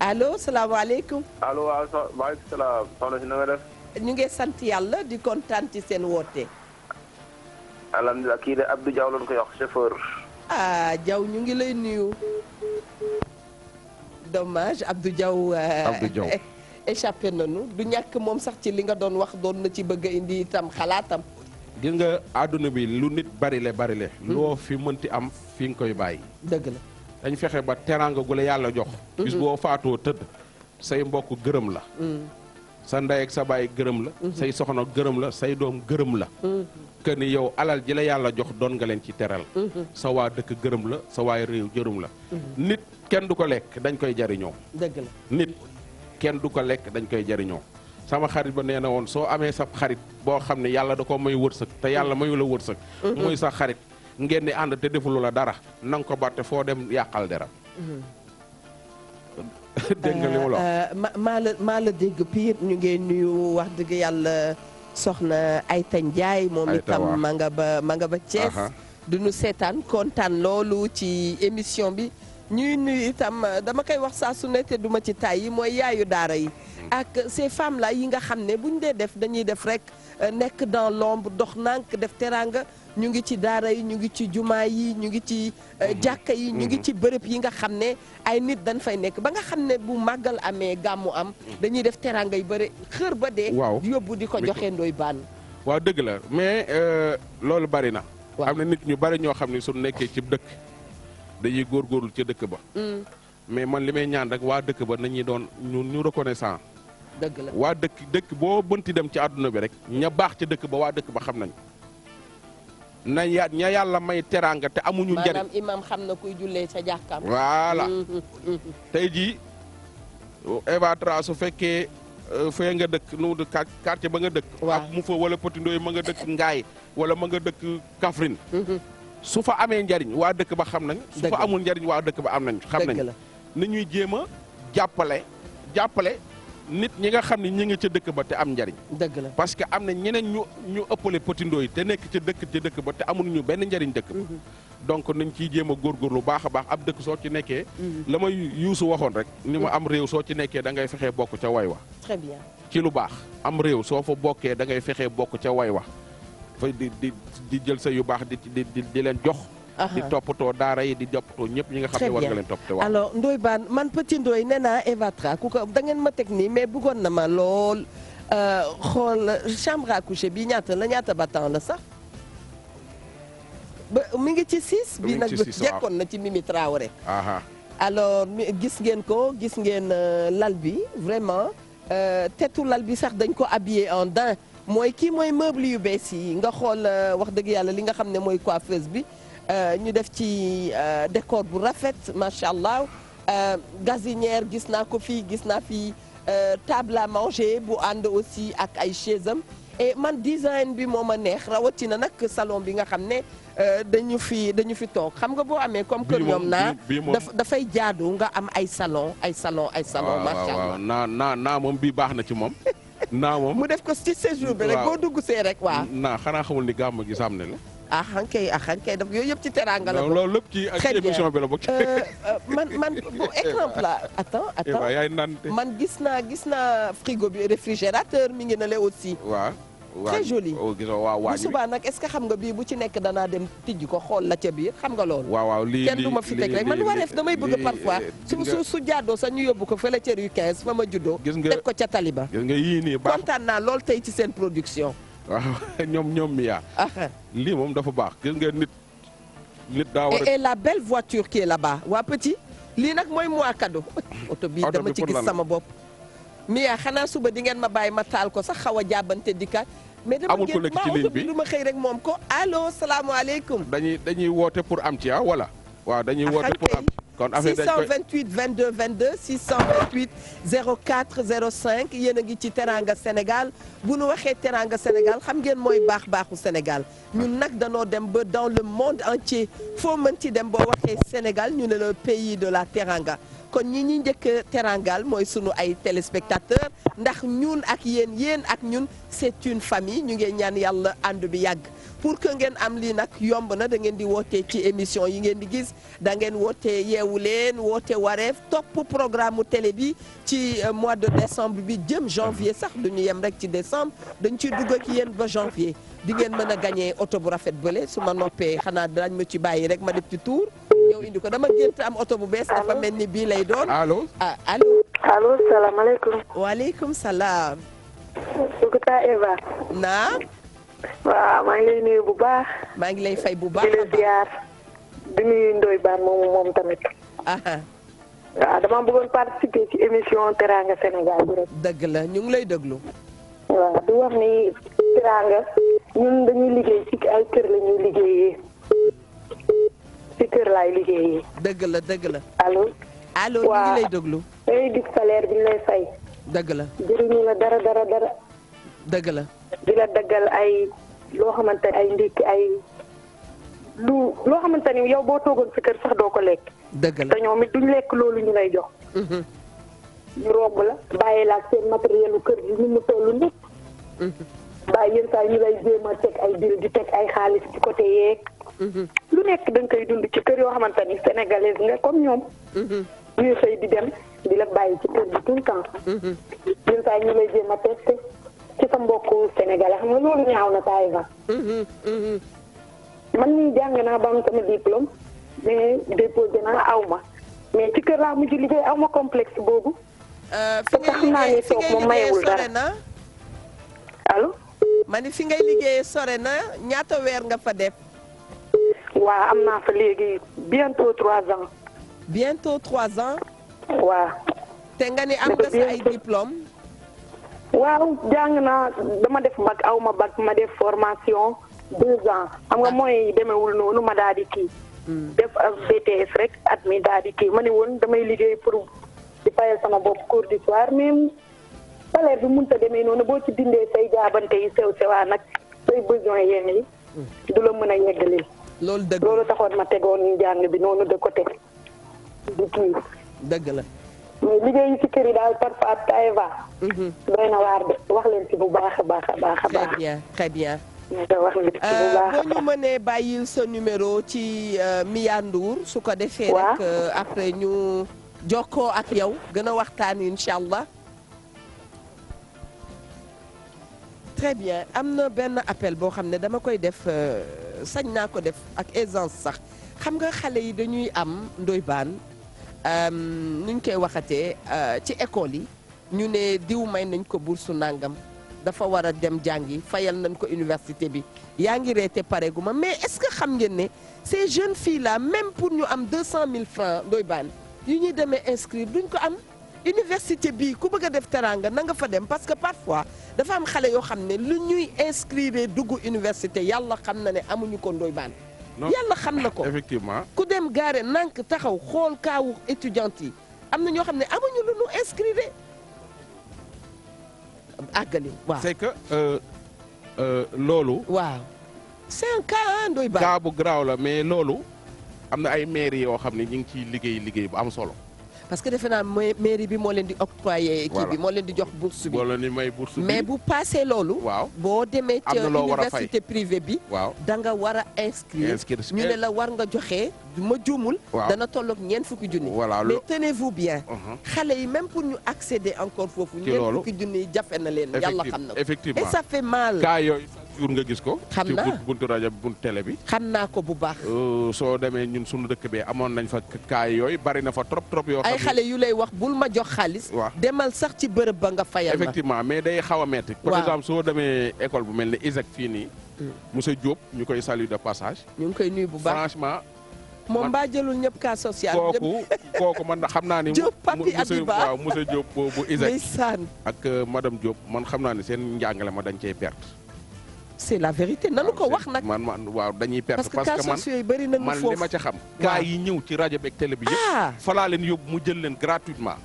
allo salaamaaleykum. allo waaw so maaleykum salaam soxna si na nga def. ñu ngi sant yàlla di kontaan ci seen woote. alhamdulilah kii de Abdou Diaw lañ koy wax chauffeur. ah Diaw ñu ngi lay nuyu. dommage Abdou Diaw. Euh, Abdou Diaw (laughs) échappé nañu du ñàkk moom sax ci li nga doon wax doon na ci bëgg a indi itam xalaatam. gis nga àdduna bi lu nit bari le bari le hmm. loo fi mënti am fii nga koy bàyyi. dëgg la dañ fexe ba teraanga gu la yàlla jox. Hmm. bis boo faatoo tëdd say mbokk gërëm la. Hmm. sa ndey ak sa baay gërëm la. say soxna gërëm la say doom gërëm la. que yow alal ji la yàlla jox doon nga leen ci teral. sa waa dëkk gërëm la sa waay réew jërëm la. kenn du ko lekk dañ koy jariñoo dëgg kenn du ko lekk dañ koy jariñoo sama xarit ba nee na woon soo amee sab xarit boo xam ne yàlla da ko may wërsëg te yàlla mayu la wërsëg mm-hmm. muy sa xarit ngeen di ànd defulu la dara na ko batte foo dem yàqal deram mm-hmm. (laughs) dégg nga li euh, maa la maa la dégg piir ñu ngeen nuyu wax dëgg yàlla soxna Ayta Ndiaye moom itam ma nga ba ma ba Thiès du ñu seetaan kontaan loolu ci émission bi ñuy nuyu itam dama koy wax saa su ne te duma ci taay tàyyi mooy yaayu daara yi. ak ces femmes là yi nga xam ne bu ñu dee def dañuy def rek euh, nekk dans l'ombre dox nànk def teraanga ñu ngi ci daara yi ñu ngi ci jumaa yi ñu ngi ci euh, mhm. jàkka yi ñu ngi mhm. ci bërëb yi nga xam ne ay nit dañ fay nekk ba nga xam ne bu màggal amee gàmmu am mhm. dañuy def teraanga yi bëri xër ba dee yóbbu di ko joxe ndooy baan waaw dëgg la mais euh, loolu bari na am na nit ñu bari ñoo xam ne su nekkee ci dañuy góorgóorlu ca dëkk ba. Mm. mais man li may ñaan rek waa dëkk ba nañuy doon ñu ñu reconnaissant. dëgg la waa dëkk dëkk boo bënti dem ci àdduna bi rek ña baax ca dëkk ba waa dëkk ba xam nañ na ya ña yàlla may teraanga te amuñu njariñ maanaam imam xam na kuy jullee ca jàkkaam voilà mm-hmm, mm-hmm. tey jii Eva Tra su fekkee euh, fee nga dëkk nu de quartier ba nga dëkk waa mu fa wala Petit Ndoye ma nga dëkk Ngaay wala ma nga dëkk Kaffrine mm-hmm. su fa amee njariñ waa dëkk ba xam nañ su fa amul njariñ waa dëkk ba am nañ xam nañ ni ñuy jéem a jàppale jàppale nit ñi nga xam ni ñi ngi ca dëkk ba am njariñ dëgg parce que am na ñeneen ñu ñu ëppale pëtindoo yi te nekk ca dëkk dëkk ba te amul ñu benn njariñ dëkk ba mhm. donc nañ ciy jéem a lu baax a baax ab dëkk soo ci nekkee mhm. lama may yuusu waxoon rek ni ma mhm. am réew soo ci nekkee da ngay fexee bokk ca way wa très bien ci lu baax am réew soo fa bokkee da ngay fexee bokk ca way wa dafay di di di jël sa yu baax di di di leen jox. di toppatoo daara yi di toppatoo ñëpp ñi nga xam ne war nga leen toppatoo waaw alors Ndoye Bane man petit Ndoye nee naa Eva Tra ku ko da ngeen ma teg nii mais bëggoon na ma lool euh, xool chambre à coucher bi ñaata la ñaata battant la sax. ba mi nga ci 6. bi nag ba jekkoon na ci Mimi Traoré. alors gis ngeen ko gis ngeen euh, lal bi vraiment euh, tetu lal bi sax dañ ko habillé en daim. mooy kii mooy meuble yu bees yi nga xool euh, wax dëgg yàlla li nga xam ne mooy coiffeuse bi euh, ñu def ci euh, décor bu rafet macha allah gazinière gis naa ko fii gis naa fi table à manger bu ànd aussi ak ay chaise am et man design bi moom a neex rawatina nag salon bi nga xam ne dañu fi dañu fi toog xam nga boo amee comme que ñoom naa dafay jaadu nga am ay salon ay salon ay salon macha allah naa moom bii baax na ci moom (laughs) naa moom mu def ko ci séjour bi rek boo dugg see rek waaw. naa xanaa xamul ni gàmm gi sàmm ne la. a ah, xan kay ah xan kay daf yooyu yëpp ci teraanga la. loolu lépp ci ak émission bi la bokk. Euh, euh, man man bu exemple la. attends eh, attends man gis naa gis naa frigo bi réfrigérateur mi ngi na le aussi. waa très joli bu oh, subaa nag est-ce que xam nga bii bu ci nekk danaa dem tijj ko xool la ca biir xam nga loolu waaw waaw lii kenn du ma fi teg rek man wareef damay bëgg parfois eh, su jaadoo sax ñu yóbbu ko fële ca rue 15 fa ma juddoo teg ko ca taliba gis nga yii nii baax kontaan naa tey ci seen production waaw (laughs) ñoom ñoom mi yaa ah, ah. lii moom dafa baax gis nga nit nit daa la belle voiture qui la baax bas waa petit lii nag mooy moi cadeau (laughs) oto bii dama ci gis sama bopp mi yaa xanaa suba di ngeen ma bàyyi ma taal ko sax xaw a di dikkaat amul ko nekk ci ligne bi mais dama xëy rek moom ko allo salaamaaleykum. dañuy dañuy woote pour am ci ah voilà. waaw dañuy woote pour am kon affaire dañ koy 628 22 22 628 04 05 yéen a ngi ci teranga Sénégal bu nu waxee teranga Sénégal xam ngeen mooy baax baaxu Sénégal ñun nag danoo dem ba dans le monde entier foo mën ci dem boo waxee Sénégal ñu ne la pays de la teranga. kon ñi ñi njëkk terangal mooy sunu ay téléspectateur ndax ñun ak yéen yéen ak ñun c'est une famille ñu ngi ñaan yàlla ànd bi yàgg pour que ngeen am lii nag yomb na da ngeen di wootee ci émission yi ngeen di gis da ngeen wootee yeewu leen woote wareef topp programme mu télé bi ci euh, mois de décembre bi jëm janvier sax du ñu yem rek ci décembre dañ ciy dugg ak yéen ba janvier di ngeen mën a gañee oto bu rafet bële su ma noppee xanaa dañ ma ci bàyyi rek ma dem ci tour yow indi ko dama gént am oto bu bees dafa mel ni bii lay doon. allo ah allo. allo salaamaaleykum. waaleykum salaam. Sukuta Eva. naam. waaw maa ngi lay nuyu bu baax. maa ngi lay fay bu baax di la ziar. di moom moom tamit. waaw dama bëggoon participer ci émission Teranga Sénégal bi rek. dëgg la ñu ngi lay déglu. waaw di wax ni Teranga ñun dañuy liggéey ci kër la ñuy ci kër laay liggéeyee. dëgg la dëgg la. allo. allo ñu ngi lay déglu. waaw day gis salaire bi ñu lay fay. dëgg la. la dara dara dara. dëgg la di la daggal ay loo xamante ay ndékki ay lu loo xamante ni yow boo toogoon si kër sax doo ko lekk. dëgg la te ñoom it duñ lekk loolu ñu lay jox. Mm-hmm. ñu romb la bàyyi la ak seen matériel kër gi ñu mu toll lépp. Mm-hmm. bàyyi yenn saa ñu lay jéem a teg ay biir di teg ay xaalis ci côté yeeg. Mm-hmm. lu nekk da koy dund ci kër yoo xamante ni sénégalais nga comme ñoom. ñuy xëy di dem di la bàyyi ci kër gi tout le temps. saa ñu lay jéem a teg ci sa mbokku sénégalais xam nga loolu ñaaw na taay ba. Mhm, mhm. man ni jàng naa ba am sama diplôme mais déposé naa aw ma mais ci kër laa mujj liggéey aw ma complexe boobu. Euh, fi ngay xam naa ni toog moom allo. ma ni fi ngay liggéey sore na ñaata weer nga fa def. waa am naa fa léegi bientôt trois ans. bientôt trois ans. waa. te nga ni am nga sa diplôme. waaw jàng naa dama def bac aw ma bac ma def formation deux xam nga mooy demewul noonu ma daal di kii. Hmm. def ak BTS rek at mi daal di kii ma ne woon damay liggéey pour di fayal sama bopp cours du mais salaire bi mun a demee noonu boo ci dindee say jaabante yi sew sewaa nag say besoin yenn yi. Hmm. du la mën a yeggali. loolu dëgg loolu taxoon ma tegoon jàng bi noonu de côté du dëgg la. mais liggéeyu ci kër yi daal parfois taay va. Mhm. na waar de wax leen ci bu baax a baax baax a baax. très bien très bien. Euh, boo ñu mënee bàyyil sa numéro ci euh, Mia su ko defee ak euh, après ñu jokkoo ak yow gën a waxtaan incha allah très bien am na benn appel boo xam ne dama koy def sañ naa ko def ak aisance sax xam nga xale yi dañuy am ndoybaan Euh, nuñ koy waxatee euh, ci école yi ñu ne diw may nañ ko boursu nangam dafa war a dem jàngi fayal nañ ko université bi yaa ngi reete pareeguma mais est-ce que xam ngeen ne ces jeune filles là même pour ñu am 200000 francs doy baan yu ñuy demee inscrire duñ ko am université bii ku bëgg a def teranga na nga fa dem parce que parfois dafa am xale yoo xam ne lu ñuy inscrire dugg université yàlla xam na ne amuñu ko ndoy baan yàlla xam na ko effectivement ku dem gaare nank taxaw xool kaawu étudiante yi am na ñoo xam ne amuñu lu nu inscrire àggali waaw c'est que euh, euh, loolu waaw c'est un cas doy baax cas bu garaaw la mais loolu am na ay mairie yoo xam ne ñu ngi ciy liggéey liggéey bu am solo parce que defe naa mairie bi moo leen di octroyer. kii bi moo leen di jox bourse bi. mais bu passé loolu. waaw boo demee ca université privée bi. waaw da nga war a inscrire. ñu ne eh. la war nga joxe ma juumul. dana tolloog ñeent fukki junni. mais tenez-vous bien. Uh-huh. xale yi même pour ñu accéder encore foofu. ci loolu ñeent fukki junni jafe na leen. yàlla xam na ko et ça fait mal. jur nga gis ko. xam naa ci buntu rajo buntu télé bi. xam naa ko bu baax. Euh, soo demee ñun suñu dëkk bee amoon nañ fa kaay yooyu bari na fa trop trop. yoo xale yu lay wax bul ma jox xaalis. waaw demal sax ci bërëb ba nga fayal ma. effectivement mais day xaw a metti. par exemple soo demee école bu mel ne ISEC fii nii. Hmm. monsieur Diop ñu koy salut de passage. ñu ngi koy nuyu bu baax franchement. moom mbaa jëlul ñëpp ka social. kooku kooku man xam naa ni. (laughs) Diop papi Adiba waaw monsieur Diop bu ISEC. ak euh, madame Diop man xam naa ni seen njàngale ma dañ cey perte. c'est la vérité nanu ko wax nag man man waaw dañuy perte parce que man yooyu bëri nañu man li ma ca xam kaa yi ñëw ci rajo beeg télé bi yëpp ah. falaa leen yóbbu mu jël leen gratuitement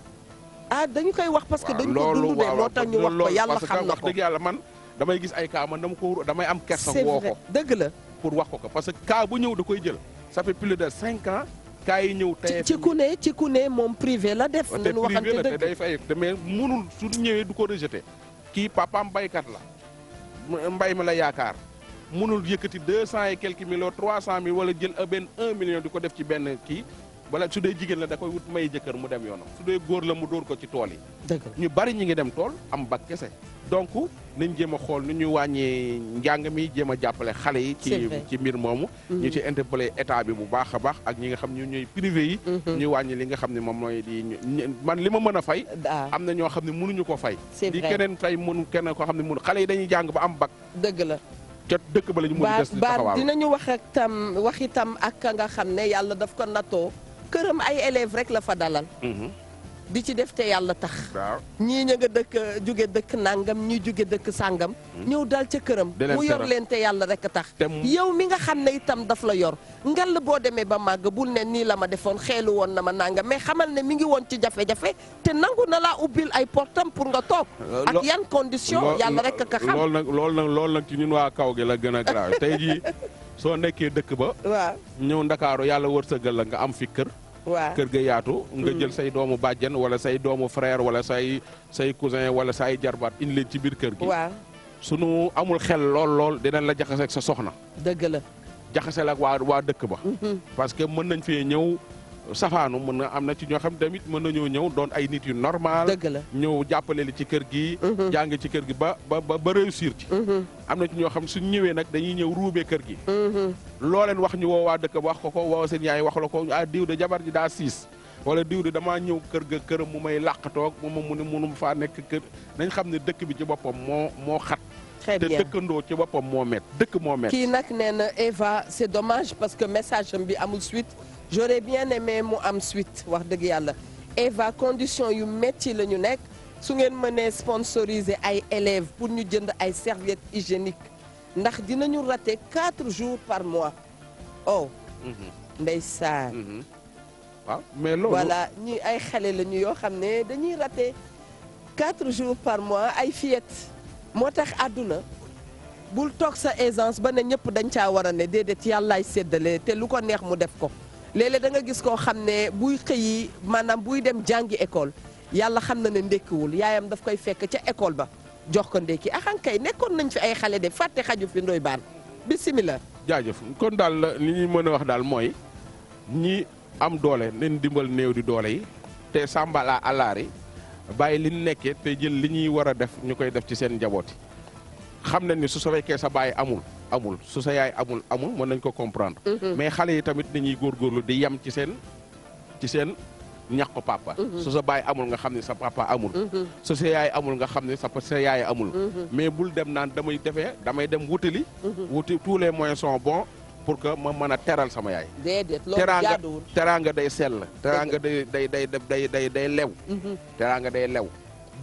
ah dañu koy wax parce que dañu ko dund de moo tax ñu wax ko yàlla yàlla man damay gis ay kaa man dama ko damay am kersa woo ko dëgg la pour wax ko ko parce que kaa bu ñëw da koy jël ça fait plus de cinq ans kaa yi ñëw tey ci ku ne ci ku ne moom privé la def nañu waxante dëgg day fay mais mënul su ñëwee du ko rejeté kii papaam baykat la mbay mi la yaakaar mënul yëkkati deux cent et quelques trois cent mille wala jël benn un million di ko def ci benn kii wala su dee jigéen la da koy wut may jëkkër mu dem yoonam su dee góor la mu dóor ko ci tool yi ñu bari ñi ngi dem tool am bag kese donc nañ jéem a xool nu ñuy wàññee njàng mi jéem a jàppale xale yi ci ci mbir moomu mhm. ñu ci interpellé état bi bu baax a baax ak ñi nga xam ñu ñooy privé yi mhm. ñuy wàññi li nga xam ne moom mooy di man li ma mën a fay ah. am na ñoo xam ne mënuñu ko fay di keneen fay mun keneen koo xam ne mun xale yi dañuy jàng ba am bag dëgg la jot dëkk ba lañu ñu mën a des di taxawaaru dinañu wax ak tam wax itam ak nga xam ne yàlla daf ko nattoo këram ay élèves rek la fa dalal mhm. di ci def te yàlla tax ñii ña nga dëkk jóge dëkk nàngam ñii jóge dëkk sàngam hmm. ñëw dal ca këram mu yor leen te yàlla rek a tax yow mi nga xam ne itam daf la yor ngal la boo demee ba màgg bul ne nii la ma defoon xeelu woon na ma nàngam mais xamal ne mi ngi woon ci jafe-jafe te nangu na laa ubbil ay portam pour nga toog euh, ak yan condition yàlla rek ka xam loolu nag loolu nag loolu nag ci ñun waa kaw gi la gën a grave tey jii (laughs) soo nekkee dëkk ba ñëw ndakaaru yàlla wërsëgal la nga am fi kër waaw kër ga yaatu nga jël say doomu bàjjen wala say doomu frère wala say say cousin wala say jarbaat indi leen ci biir kër gi waaw sunu amul xel lool lool dinañ la jaxase ak sa soxna dëgg la jaxase la ak waa dëkk ba mm-hmm. parce que mën nañ fee ñëw safaanu mën na am na ci ñoo xam tamit mën na ñëw ñëw doon ay nit yu normal ñëw jàppale li ci kër gi mhm. jàng ci kër gi ba ba ba réussir ci mhm. am na ci ñoo xam suñ ñëwee nag dañuy ñëw ruubee kër gi mhm. loo leen wax ñu woo waa dëkk wax ko ko woo seen yaay wax la ko ah diw de jabar ji daa siis wala diw de damaa ñëw kër ga këram mu may làqatoog mu ma mu ne munum faa nekk kër nañ xam ne dëkk bi ci boppam moo moo xat te dëkkandoo ci boppam moo met dëkk moo met kii nag nee na Eva c'est dommage parce que message am bi amul suite j'aurais bien aimé mu am suite wax dëgg yàlla Eva condition yu métti la ñu nekk su ngeen mënee sponsoriser ay élève pour ñu jënd ay serviettes hygiéniques ndax dinañu rater quatre jours par mois oh. Mhm. ndeysaan. waaw mhm. ah, mais loolu voilà ñi ay xale lañu yoo xam ne dañuy rater quatre jours par mois ay fillettes moo tax àdduna. bul toog sa aisance ba ne ñëpp dañ caa war a ne déedéet yàllaay séddale te lu ko neex mu def ko. léeg-léeg da nga gis koo xam ne buy xëyi maanaam buy dem jàngi école yàlla xam na ne ndékkiwul yaayam daf koy fekk ca école ba jox ko ndékki axankay ah, nekkoon nañ fi ay xale de fàtte xaju fi ndoy baan bisimilah. jaajëf kon daal li ñuy mën a wax daal mooy ñi am doole nañ dimbal néew di doole yi te sàmbala alaari bàyyi li ñu nekkee te jël li ñuy war a def ñu koy def ci seen njaboot yi xam nañ ni su fekkee sa bàyyi amul. amul su sa yaay amul amul mën nañ ko comprendre mhm. mais xale yi tamit dañuy góorgóorlu di yem ci seen ci seen ñax ko papa mhm. su sa baay amul nga xam ne sa papa amul mhm. su sa yaay amul nga xam ne sa sa yaay amul mais bul dem naan damay defee damay dem wutali wuti tous les moyens sont bons pour que ma mën a teral sama yaay teraanga teraanga day sell teraanga day day day day day day lew teraanga day lew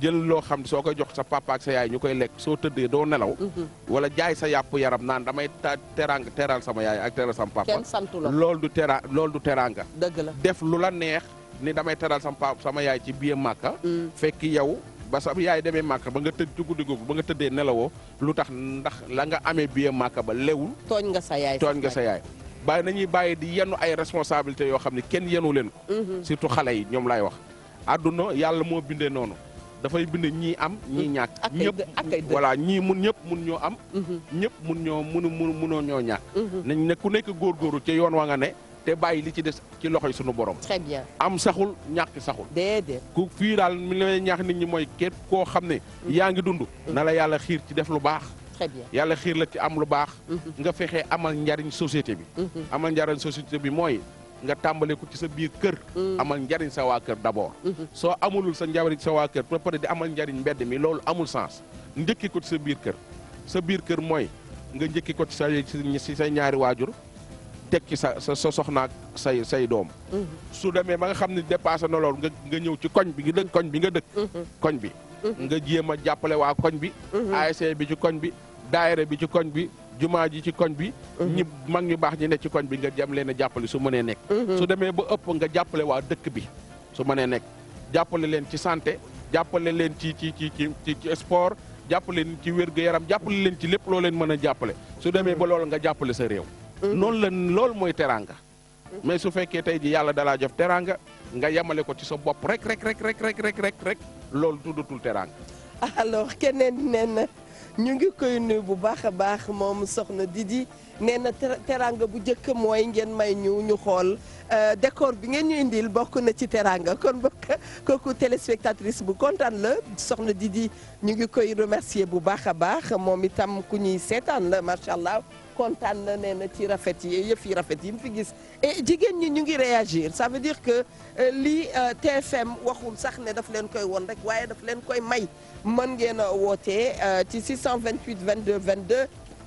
jël loo xam soo koy jox sa papa sa yaay ñu koy lekk soo tëddee doo nelaw. Mhm. wala jaay sa yàpp yaram naan damay ta teraanga teral sama yaay ak teral sama santu la loolu du tera loolu du teraanga. dëgg la def lu la neex ni damay teral sama sama yaay ci biir màkka. Mm. fekk yow. ba sa yaay demee màkk ba nga tëdd ci guddi googu ba nga tëddee nelawoo lu tax ndax la nga amee biir màkk ba lewul. tooñ nga sa yaay tooñ nga sa yaay. bàyyi nañuy bàyyi di yenu ay responsabilités yoo xam ne kenn yenu leen ko. Mhm. xale yi ñoom laay wax. àdduna yàlla moo bindee noonu. dafay bind ñii am ñii ñàkk ñëpp voilà ñii mun ñëpp mun ñoo am mhm. ñëpp mun ñoo munu munoo ñoo ñàkk mhm. nañ ne ku nekk góor góoru ci yoon wa nga ne te bàyyi li ci des ci loxoy sunu borom très bien am saxul ñàkk saxul déedéet ku fii daal mi lay ñaax nit ñi mooy képp koo xam ne mhm. yaa ngi dund na la yàlla xiir ci def lu baax très bien yàlla xiir la ci am lu baax nga fexe amal njariñ société bi amal njariñ société bi mooy nga tàmbalee ko ci sa biir kër mm. amal njariñ sa waa kër d'abord mm-hmm. soo amulul sa njariñ sa waa kër ba di amal njariñ mbedd mi loolu amul sanc njëkki ko ci sa biir kër sa biir kër mooy nga njëkki ko ci sa ci say ñaari waajur teg ci sa sa soxnaak say say doom mm-hmm. su demee ba nga xam ne dépassé na loolu nga nga ñëw ci koñ bi nga dëkk koñ bi nga dëkk mm-hmm. koñ bi nga jéem a jàppale waa koñ bi ASC bi ci koñ bi daayira bi ci koñ bi jumaa ji ci koñ bi mhm. ñi mag ñu baax ñi ne ci koñ bi nga jam leen a jàppale su mënee nekk mhm. su demee ba ëpp nga jàppale waa dëkk bi su mënee nekk jàppale leen ci santé jàppale leen ci ci ci ci ci sport jàppale leen ci wér-gu-yaram jàppale leen ci lépp loo leen mën a jàppale su demee ba loolu nga jàppale sa réew mhm. noonu la loolu mooy teraanga mais su fekkee tey ji yàlla dalaa jof teraanga nga yemale ko ci sa bopp rek rek rek rek rek rek rek rek loolu tuddatul teraanga (laughs) alors keneen neen ñu ngi koy nuyu bu baax a baax moom soxna Didi nee na teranga bu njëkk mooy ngeen may ñu ñu xool euh, décor bi ngeen ñu indil bokk na ci teranga kon bokk kooku téléspectatrice bu kontaan la soxna Didi ñu ngi koy remercier bu baax a baax moom itam ku ñuy seetaan la macha allah. kontaan na nee na ci rafet yi yëf yi rafet yi mu fi gis et jigéen ñi ñu ngi réagir ça veut dire que euh, lii euh, TFM waxul sax ne daf leen koy won rek waaye daf leen koy may mën ngeen a wootee euh, ci 628 22 22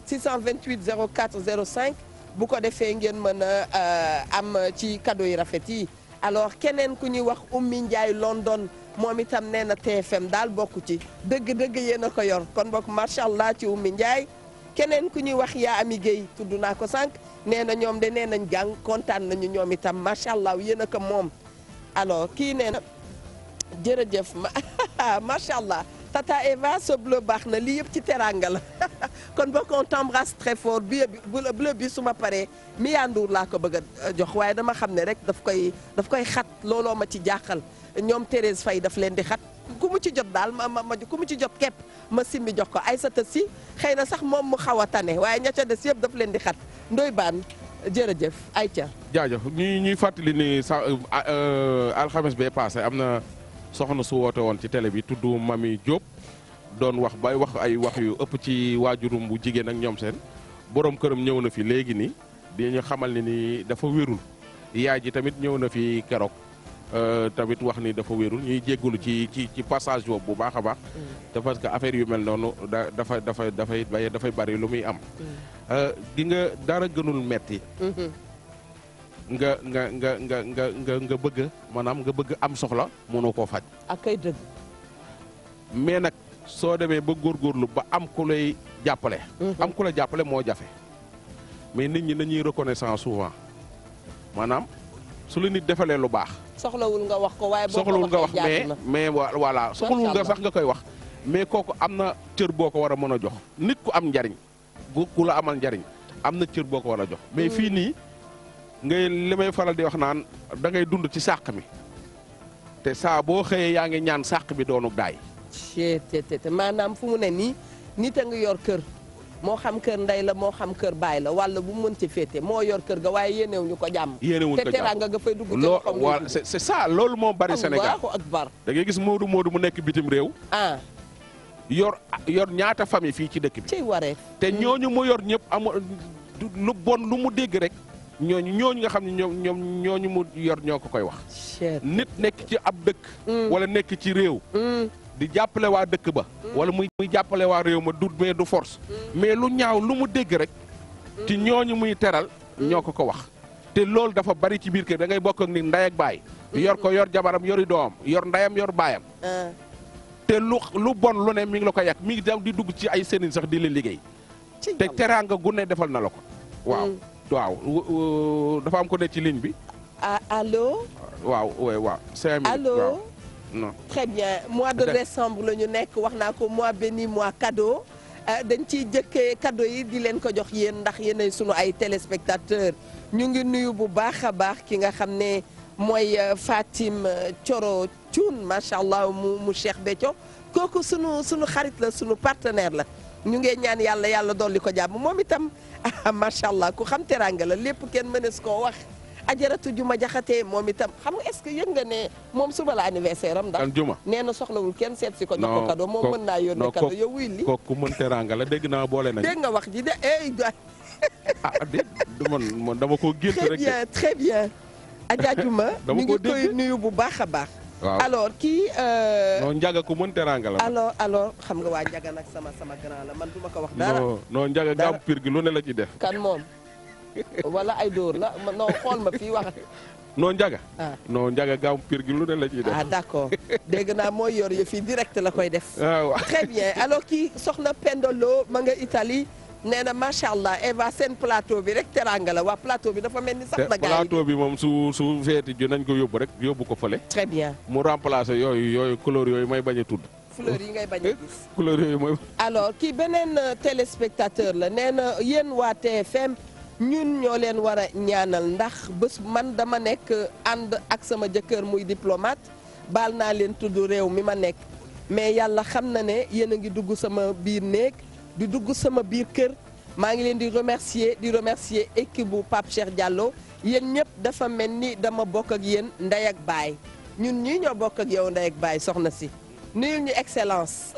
628 04 05 bu ko defee ngeen mën a am ci cadeau yi rafet yi alors keneen ku ñuy wax Oumy Ndiaye London moom itam nee na TFM daal bokku ci dëgg-dëgg yéen a ko yor kon bokk macha allah ci Oumy Ndiaye keneen ku ñuy wax yaa ami Guèye tudd naa ko sànq nee na ñoom de nee nañ jàng kontaan nañu ñoom itam macha allah yéen a ko moom. alors kii nee na jërëjëf (laughs) macha allah tata Eva sa bleu baax na lii yëpp ci teraanga la (laughs) kon bokk on t'embrasse très fort bi bleu bi su ma paree Mia Ndour laa ko bëgg a euh, jox waaye dama xam ne rek dafa koy daf koy xat looloo ma ci jaaxal ñoom Thérèse Faye daf leen di xat. ku ci jot daal ma ma ma ku ci jot képp ma simmi jox ko ay Aysata Si xëy na sax moom mu xaw a tane waaye ña ca des yëpp daf leen di xat ndoy baan jërëjëf ca jaajëf ñuy ñuy fàttali ni sa euh, euh, alxames bee passé am na soxna su woote woon ci tele bi tudd Mami Diop doon wax bay wax ay wax yu ëpp ci waajurum bu jigéen ak ñoom seen boroom këram ñëw na fi léegi nii di ñu xamal ni ni dafa wérul yaay ji tamit ñëw na fi keroog. Euh, tamit wax ni dafa wéerul ñuy jéggalu ci ci ci passage boobu bu baax a baax. Mm. te parce que affaire yu mel noonu da dafa dafa dafay dafay bari lu muy am. Mm. Euh, gi nga dara gënul metti mm-hmm. nga nga nga nga nga nga nga bëgg maanaam nga bëgg am soxla mënoo koo faj. ak kay dëgg. mais nag soo demee ba góorgóorlu ba am ku lay jàppale. Mm-hmm. am ku la jàppale moo jafe. mais nit ñi nañuy reconnaissance souvent maanaam su la nit defalee lu baax. soxlawul nga wax ko waaye soxlawul nga wax mais mais voilà soxlawul nga sax nga koy wax mais kooku am na cër boo ko war a mën a jox nit ku am njariñ ku la amal njariñ am na cër boo ko war a jox mais mm. fii nii ngay li may faral di wax naan da ngay dund ci sàq mi te saa boo xëyee yaa ngi ñaan sàq bi doonu daay. te maanaam fu mu ne nii nit a ngi yor kër moo xam kër ndey la moo xam kër baay la walla bu mën ci féete moo yor kër ga waaye yéenew ñu ko jàmm te teraanga nga fay dugg te c'est ça loolu moo bari Sénégal Allahu akbar da gis moodu moodu mu nekk bitim réew ah. yor yor ñaata famille fii ci dëkk bi ci waree te hmm. ñooñu mu yor ñëpp amul bon lu mu dégg rek ñooñu ñooñu nga xam ne ñoom ñoom ñooñu mu yor ñoo ko koy wax nit nekk ci ab dëkk hmm. walla nekk ci réew hmm. di jàppale waa dëkk ba mm. wala muy muy jàppale waa réew ma du mais du force mm. mais lu ñaaw lu mu dégg rek mm. ci ñooñu muy teral ñoo ko ko wax te loolu dafa bari ci biir kër dangay ngay bokk ak nit nday baay yor ko yor jabaram yori doom yor ndayam yor baayam uh. te lu lu bon lu ne mi ngi la ko yàq mi ngi dem di dugg ci ay sëriñ sax di la liggéey te teraanga gune defal na la ko waaw waaw dafa am ko ne ci ligne bi ah, waaw non très bien mois de décembre la ñu nekk wax naa ko mois béni mois cadeau euh, dañ ci jëkkee cadeau yi di leen ko jox yéen ndax yéenay sunu ay téléspectateurs ñu ngi nuyu bu baax a baax ki nga xam ne mooy euh, Fatim coro euh, Thioune macha allah mu mu Cheikh Béthio kooku sunu sunu xarit la sunu partenaire la ñu ngi ñaan yàlla yàlla dool dolli ko jàmm moom itam (laughs) macha allah ku xam teraanga la lépp kenn su koo wax. ajaratu juma jaxatee moom itam xam nga est-ce que yëg nga ne moom suba la anniversaire am ndax juma nee na soxlawul kenn seet si ko jox ko kado moom mën naa yónnee kado yow wuy li kooku mën teranga la dégg naa boole na dégg nga wax ji de ey eh, ah, ah dé dama ko gént rek très bien très bien Adja (laughs) bu baax a baax waaw alors kii. Euh, non njaga ku mën teraanga la. alors alors xam nga waa njaga nag sama sama grand la man duma ko wax. dara non non njaga gàmm pir gi lu ne la ci def. kan moom. wala ay dóor la non xool ma fii wax. non njaga ah. non njaga gaaw pir gi lu ne la ciy def. ah d'accord dégg naa mooy yor yëf yi direct la koy def. Ah, très bien alors kii soxna Pendolo ma nga Italie. nee na macha allah Eva seen plateau bi rek teraanga la waa plateau bi dafa mel ni sax na gars plateau bi moom su su feeti ju nañ ko yóbbu rek yóbbu ko fële. très bien mu remplacer yooyu yooyu yooyu may bañ a tudd. couleur yi ngay bañ a eh, alors kii beneen euh, téléspectateur la nee na yéen ñun ñoo leen war a ñaanal ndax bés man dama nekk ànd ak sama jëkkër muy diplomate baal naa leen tudd réew mi ma nekk mais yàlla xam na ne yéen a ngi dugg sama biir néeg di dugg sama biir kër maa ngi leen di remercier di remercier équipe bu Pape Cheikh Diallo yéen ñëpp dafa mel ni dama bokk ak yéen ndey ak baay ñun ñii ñoo bokk ak yow ndey ak baay soxna si nuyul ñu excellence.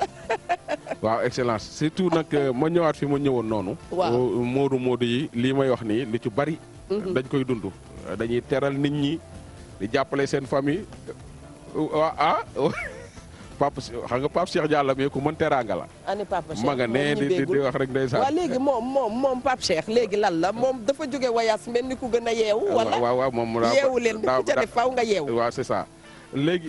(laughs) waaw surtout nag euh, ma ñëwaat fi ma ñëwoon noonu. waaw moodu moodu yi lii may wax nii li ci bari. Mhm. dañ koy dund. Euh, dañuy teral nit ñi di jàppale seen famille euh, waa ah. (laughs) papa xam nga Pape Cheikh ku mën teraanga la. ani Pape Cheikh ma nga ne di wax rek ndeysaan. waaw léegi moom moom moom Pape léegi lan la moom dafa jóge wayaas mel ni ku gën a yeewu. wala waaw waaw yeewu leen ku ca def nga yeewu. waaw c'est léegi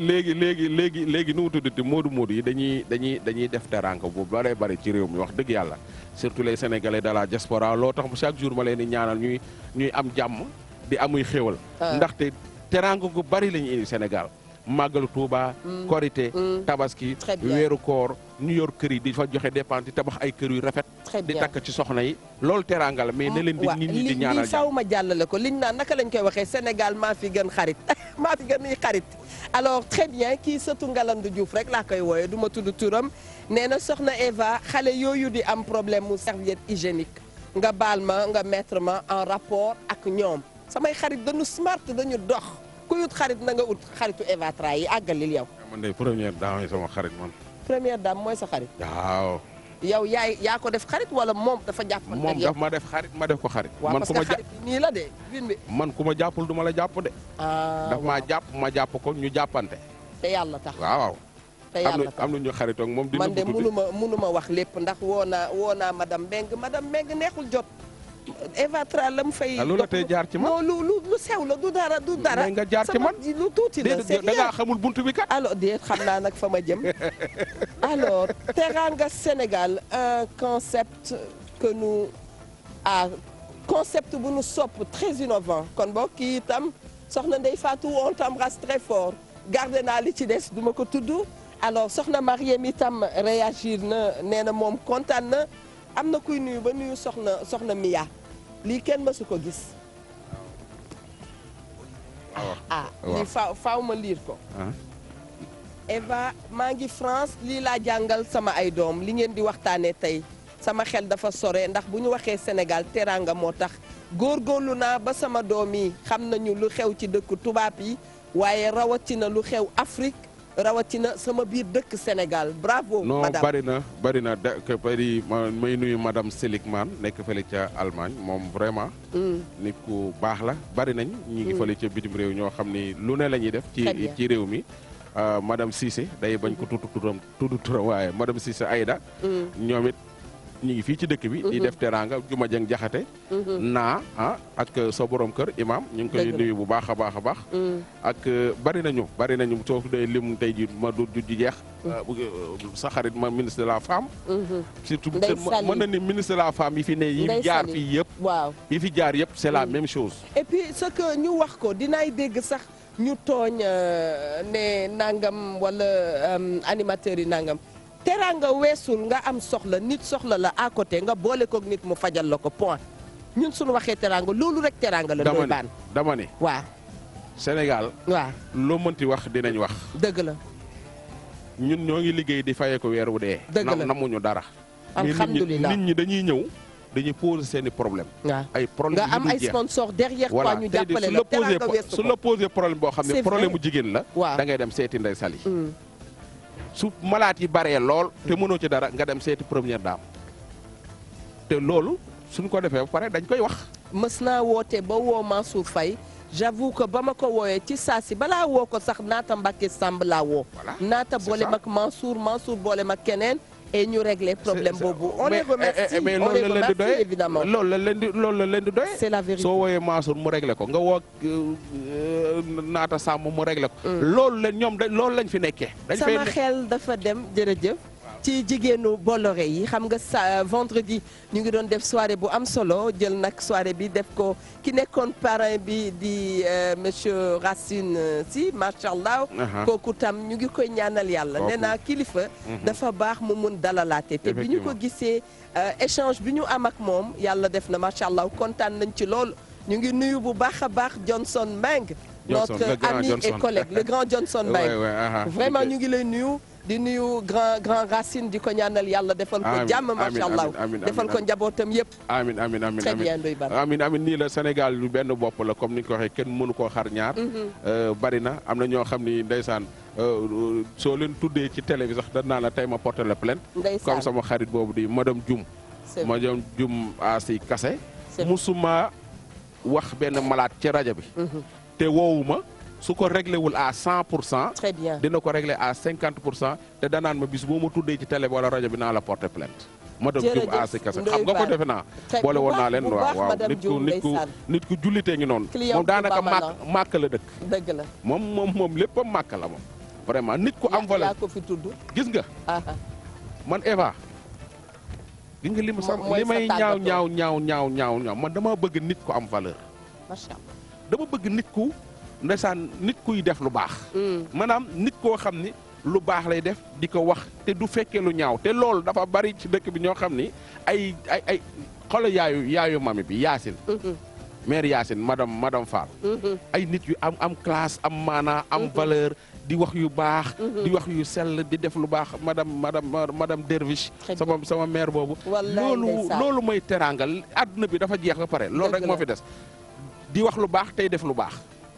léegi léegi léegi léegi nu mu tuddati moodu moodu yi dañuy dañuy dañuy def teraanga bu bëree bëri ci réew mi wax dëgg yàlla surtout les sénégalais de la diaspora loo tax chaque jour ma leen di ñaanal ñuy ñuy am jàmm di amuy xéewal ah. ndaxte teraanga gu bëri lañu ñuy indi Sénégal màggalu Tuuba mm. korité mm. tabaski weeru koor ñu yor kër yi di fa joxe dépense di tabax ay kër yu rafet. di takk ci soxna yi. loolu teraanga la mais ne leen di ah, nit ñi di ñaanal saw ma jàllale ko liñ naan naka lañ koy waxee Sénégal maa fi gën xarit (laughs) maa fi gën xarit. alors très bien kii sëtu Ngalandou Diouf rek laa koy wooyee du ma tudd turam nee na soxna Eva xale yooyu di am problème mu serviette hygiénique nga baal ma nga mettre ma en rapport ak ñoom samay xarit dañu smart dañu dox ku ut xarit na nga ut xaritu Eva Tra yi yow. man de première daa sama xarit man. première dame mooy sa xarit. waaw. yow yaay yaa ko def xarit wala moom dafa jàpp. moom daf ma def xarit ma def ko xarit. man ku ma jàpp nii la de man ku ma jàppul du la jàpp de. Ah, daf maa jàpp ma jàpp ko ñu jàppante. te yàlla tax waaw. te yàlla tax am na ñu xaritoo moom. dina man ma munu ma wax lépp ndax woo naa woo naa madame Mbengue neexul jot. Eva Tra la mu fay. ah loolu la tey jaar ci man non lu lu sew la du dara du dara. mais nga jaar ci man lu tuuti la. c'est da ngaa xamul buntu bi kat. alors déet xam naa nag fa ma jëm (laughs) alors Teranga Sénégal un concept que nous a concept bu nu sopp très innovant kon boo kii itam soxna Ndeye Fatou on t'embrasse très fort garde naa li ci des du ma ko tudd alors soxna Mariem itam réagir na nee na moom kontaan na. am na kuy nuyu ba nuyu soxna soxna Miya lii kenn mësu ko gis. ah, ah, ah lii faaw faaw ma liir ko. Ah. Eva maa ngi France lii laa jàngal sama ay doom li ngeen di waxtaanee tey sama xel dafa sore ndax bu ñu waxee Sénégal teraanga moo tax góor góorlu naa ba sama doom yi xam nañu lu xew ci dëkku tubaab yi waaye rawatina lu xew Afrique. rawatina sama biir dëkk Sénégal bravo. non bari na bari na da may nuyu madame Seligman nekk fële ca Allemagne moom vraiment. Mm. nit ku baax la bari nañ. ñi ngi mm. fële ca bitim réew ñoo xam ni lu ne la ñuy def. ci ci réew mi. Euh, madame Cissé day bañ ko tuutu turam tuutu turam waaye madame Cissé Aïda. Mm. ñoom it ñu ngi fii ci dëkk bi. di mhm. def teraanga Juma Jaxate. Mhm. naa ah ak euh, sa borom kër imam ñu ngi koy nuyu bu baax a baax a baax. Mm. ak euh, bari nañu bari nañu soo dee lim tey ji ma du ju jeex. Mm. Euh, sa xarit ma ministre la femme. Mm-hmm. surtout mën na ni ministre la femme yi fi ne yi jaar fii yëpp. waaw yi fi jaar yëpp c'est la mm. même chose. et puis ce que ñu wax ko dinaay dégg sax ñu tooñ ne nangam wala animateurs yi nangam. teraanga weesul nga am soxla nit soxla la à nga boole kook nit mu fajal la ko point ñun suñu waxee teraanga loolu rek teraanga la. dama baan dama ne waaw. Sénégal. waaw loo mënti wax dinañ wax. dëgg la. ñun ñoo ngi liggéey di fayee ko weer wu dee. dëgg la namuñu dara. alhamdulilah nit ñi dañuy ñëw. dañuy poser seen i problème ay problème nga am ay sponsor derrière quoi ñu jàppale la su la posé problème boo xam ne problème mu jigéen la. da ngay dem seeti Ndeye Saly mm. su malaat yi baree lool te mënoo ci dara nga dem seeti première dame te loolu suñ ko defee ba pare dañ koy wax. mës naa woote ba woo Mansour Faye j'avoue que ba ma ko wooyee ci saa si balaa woo ko sax naata Mbacke Samb laa woo. naata boole mag Mansour Mansour boole mag keneen. et ñu régler problème boobu. on les remercie eh, eh, eh, loolu la leen di doy la leen di loolu la leen di doy. c'est la mu régler ko nga woo euh, euh, Naata Samb mu régler ko. Mm. loolu la ñoom da loolu lañ fi nekkee. dañ fay sama xel dafa dem jërëjëf. ci jigéenu Bolloré yi xam nga sa euh, vendredi ñu ngi doon def soirée bu am solo jël nag soirée bi def ko ki nekkoon parrain bi di euh, monsieur Racine euh, Sy macha allah. kooku tam ñu ngi koy ñaanal yàlla. nee naa kilifa. Mhm. dafa baax mu mun dalalaate te bi ñu ko gisee échange bi ñu amak moom yàlla def na macha allah kontaan nañ ci lool ñu ngi nuyu bu baax a baax Johnson Meng. Johnson, notre ami Johnson. et collègue le (laughs) vraiment ñu ngi lay nuyu di nuyu grand grand racine di ko ñaanal yàlla defal ko jàmm macha allah defal ko njabootam yëpp amin amin amin très bien Ndoye Bane amin amin nii la Sénégal benn bopp la comme ni ko waxee kenn mënu koo xar ñaar mhm. euh, bari na am na ñoo xam ni ndeysaan euh, soo leen tuddee ci télé bi sax dañ naa la tey ma porter la plainte comme sama xarit boobu di madame Dioum madame Dioum Asi Kassé musuma wax benn malaat ci rajo bi mhm. te woowu ma su ko réglé wul à 100 pour cent. très bien dina ko réglé à 50 pour cent te danaan ma bis boo ma tuddee ci télé wala rajo bi naa la porter plainte. madame Diouf à xam nga ko defe naa. boole woon naa leen waaw waaw nit ku nit ku nit ngi noonu. moom daanaka màkk la dëkk. dëgg la moom moom moom lépp a màkk la moom. vraiment nit ku am valeur ko fi tudd. gis nga. man Eva. gis nga li ma sa li may ñaaw ñaaw ñaaw ñaaw man dama bëgg nit ku am valeur. dama bëgg nit ku ndeysaan nit kuy def lu baax mm. maanaam nit koo xam ni lu baax lay def di ko wax te du fekkee lu ñaaw te loolu dafa bari ci dëkk bi ñoo xam ni ay ay ay xolo yaayu yaayu mami bi yaasin maire mm-hmm. yaasin madame madame Fall mm-hmm. ay nit yu am am classe am maanaa am mm-hmm. valeur di wax yu baax di wax yu sell di def lu baax madame madame madame Derviche sama sama maire boobu loolu loolu mooy teraangal àdduna bi dafa jeex ba pare loolu rek moo fi des di wax lu baax tey def lu baax.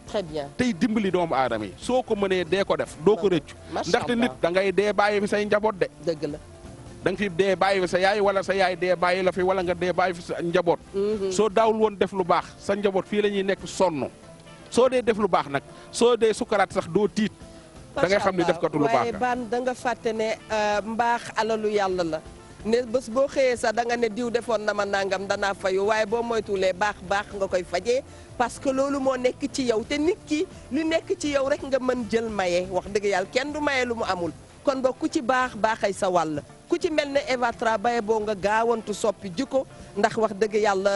très bien tey dimbali doomu aadama yi soo ko mënee dee ko def doo ko rëccu. ndaxte nit da ngay dee bàyyi fi say njaboot de. dëgg la da nga fi dee bàyyi fi sa yaay wala sa yaay dee bàyyi la fi wala nga dee bàyyi fi sa njaboot. Mhm. soo daawul woon def lu baax sa njaboot fii la ñuy nekk sonn soo dee def lu baax nag soo dee sukaraat sax doo tiit. da ngay xam ni def katu lu baax waaye baan da nga fàtte ne euh, mbaax alalu yàlla la. ne bés boo xëyee sax da nga ne diw defoon na ma nangam danaa fayu waaye boo moytuwulee baax baax nga koy fajee parce que loolu moo nekk ci yow te nit ki lu nekk ci yow rek nga mën jël maye wax dëgg yàlla kenn du maye lu mu amul kon ba ku ci baax baaxay sa wàll ku ci mel ne Eva Tra boo nga gaawantu soppi jikko ndax wax dëgg yàlla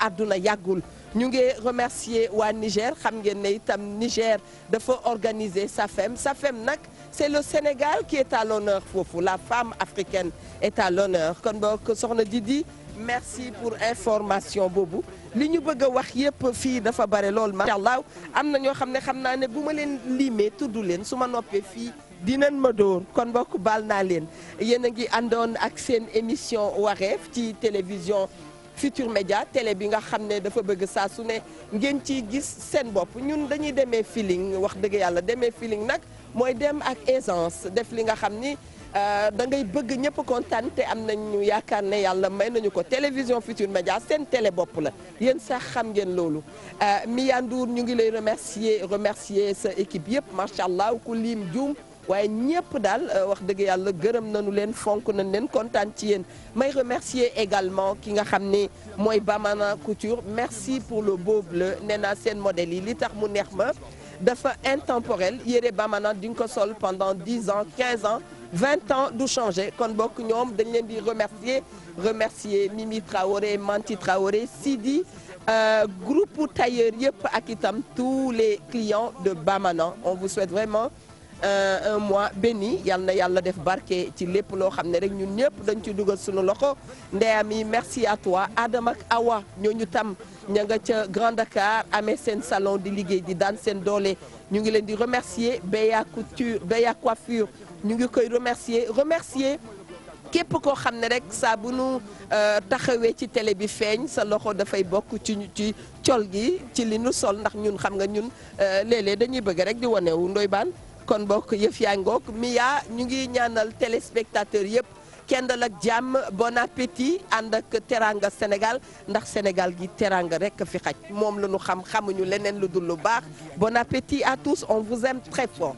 adduna euh, yàggul ñu ngi remercier waa Niger xam ngeen ne itam Niger dafa organiser SAFEM SAFEM nag c'est le Sénégal qui est à l'honneur foofu la femme africaine est à l'honneur kon boog soxna Didi merci pour information boobu li ñu bëgg a wax yépp fii dafa bare lool macha allah am na ñoo xam ne xam naa ne bu ma leen liimee tudd leen su ma noppee fii dinan ma dóor kon mbokk baal naa leen yéen a ngi àndoon ak seen émission wareef ci télévision Futurs Médias télé bi nga xam ne dafa bëgg saa su ne ngeen ciy gis seen bopp ñun dañuy demee feeling wax dëgg yàlla demee feeling nag mooy dem ak aisance def li nga xam ni euh, da ngay bëgg ñëpp kontaan am am ñu yaakaar ne yàlla may nañu ko télévision Futurs média seen télé bopp la yéen sax xam ngeen loolu euh, Miya Ndour ñu ngi lay remercier remercier sa équipe yëpp macha allah ku lim juum waaye ñëpp daal euh, wax dëgg yàlla gërëm nañu leen fonk nañ leen kontaan ci yéen may remercier également ki nga xam ni mooy Bamana Couture merci pour le beau bleu nee naa seen modèle yi li tax mu neex ma dafa intemporel yére Bamana di nga ko sol pendant 10 ans 15 ans 20 ans du changé kon bokk ñoom dañ leen di remercier remercier Mimi Traoré Manti Traoré Sidi Euh, groupe tailleur yëpp ak itam tous les clients de bamana on vous souhaite vraiment Euh, un mois béni yal na yàlla def barke ci lépp loo xam ne rek ñun ñëpp dañu ci dugal suñu loxo ndeyam yi merci à toi Adam ak Awa ñooñu tam ña nga ca Grand Dakar amee seen salon di liggéey di daan seen doole ñu ngi leen di remercier Beya Couture Beya Coiffure ñu ngi koy remercier remercier képp koo xam ne rek saa bu nu euh, taxawee ci tele bi feeñ sa loxo dafay bokk ci ci col gi ci li nu sol ndax ñun xam nga ñun euh, léeg dañuy bëgg rek di wane wu ndoy baan kon bokk yëf yaa ngook Mia ñu ngi ñaanal téléspectateur yëpp kendal ak jàmm bon appétit ànd ak teranga Sénégal ndax Sénégal gi teranga rek fi xaj moom la ñu xam xamuñu leneen lu dul lu baax bon appétit à tous on vous aime très fort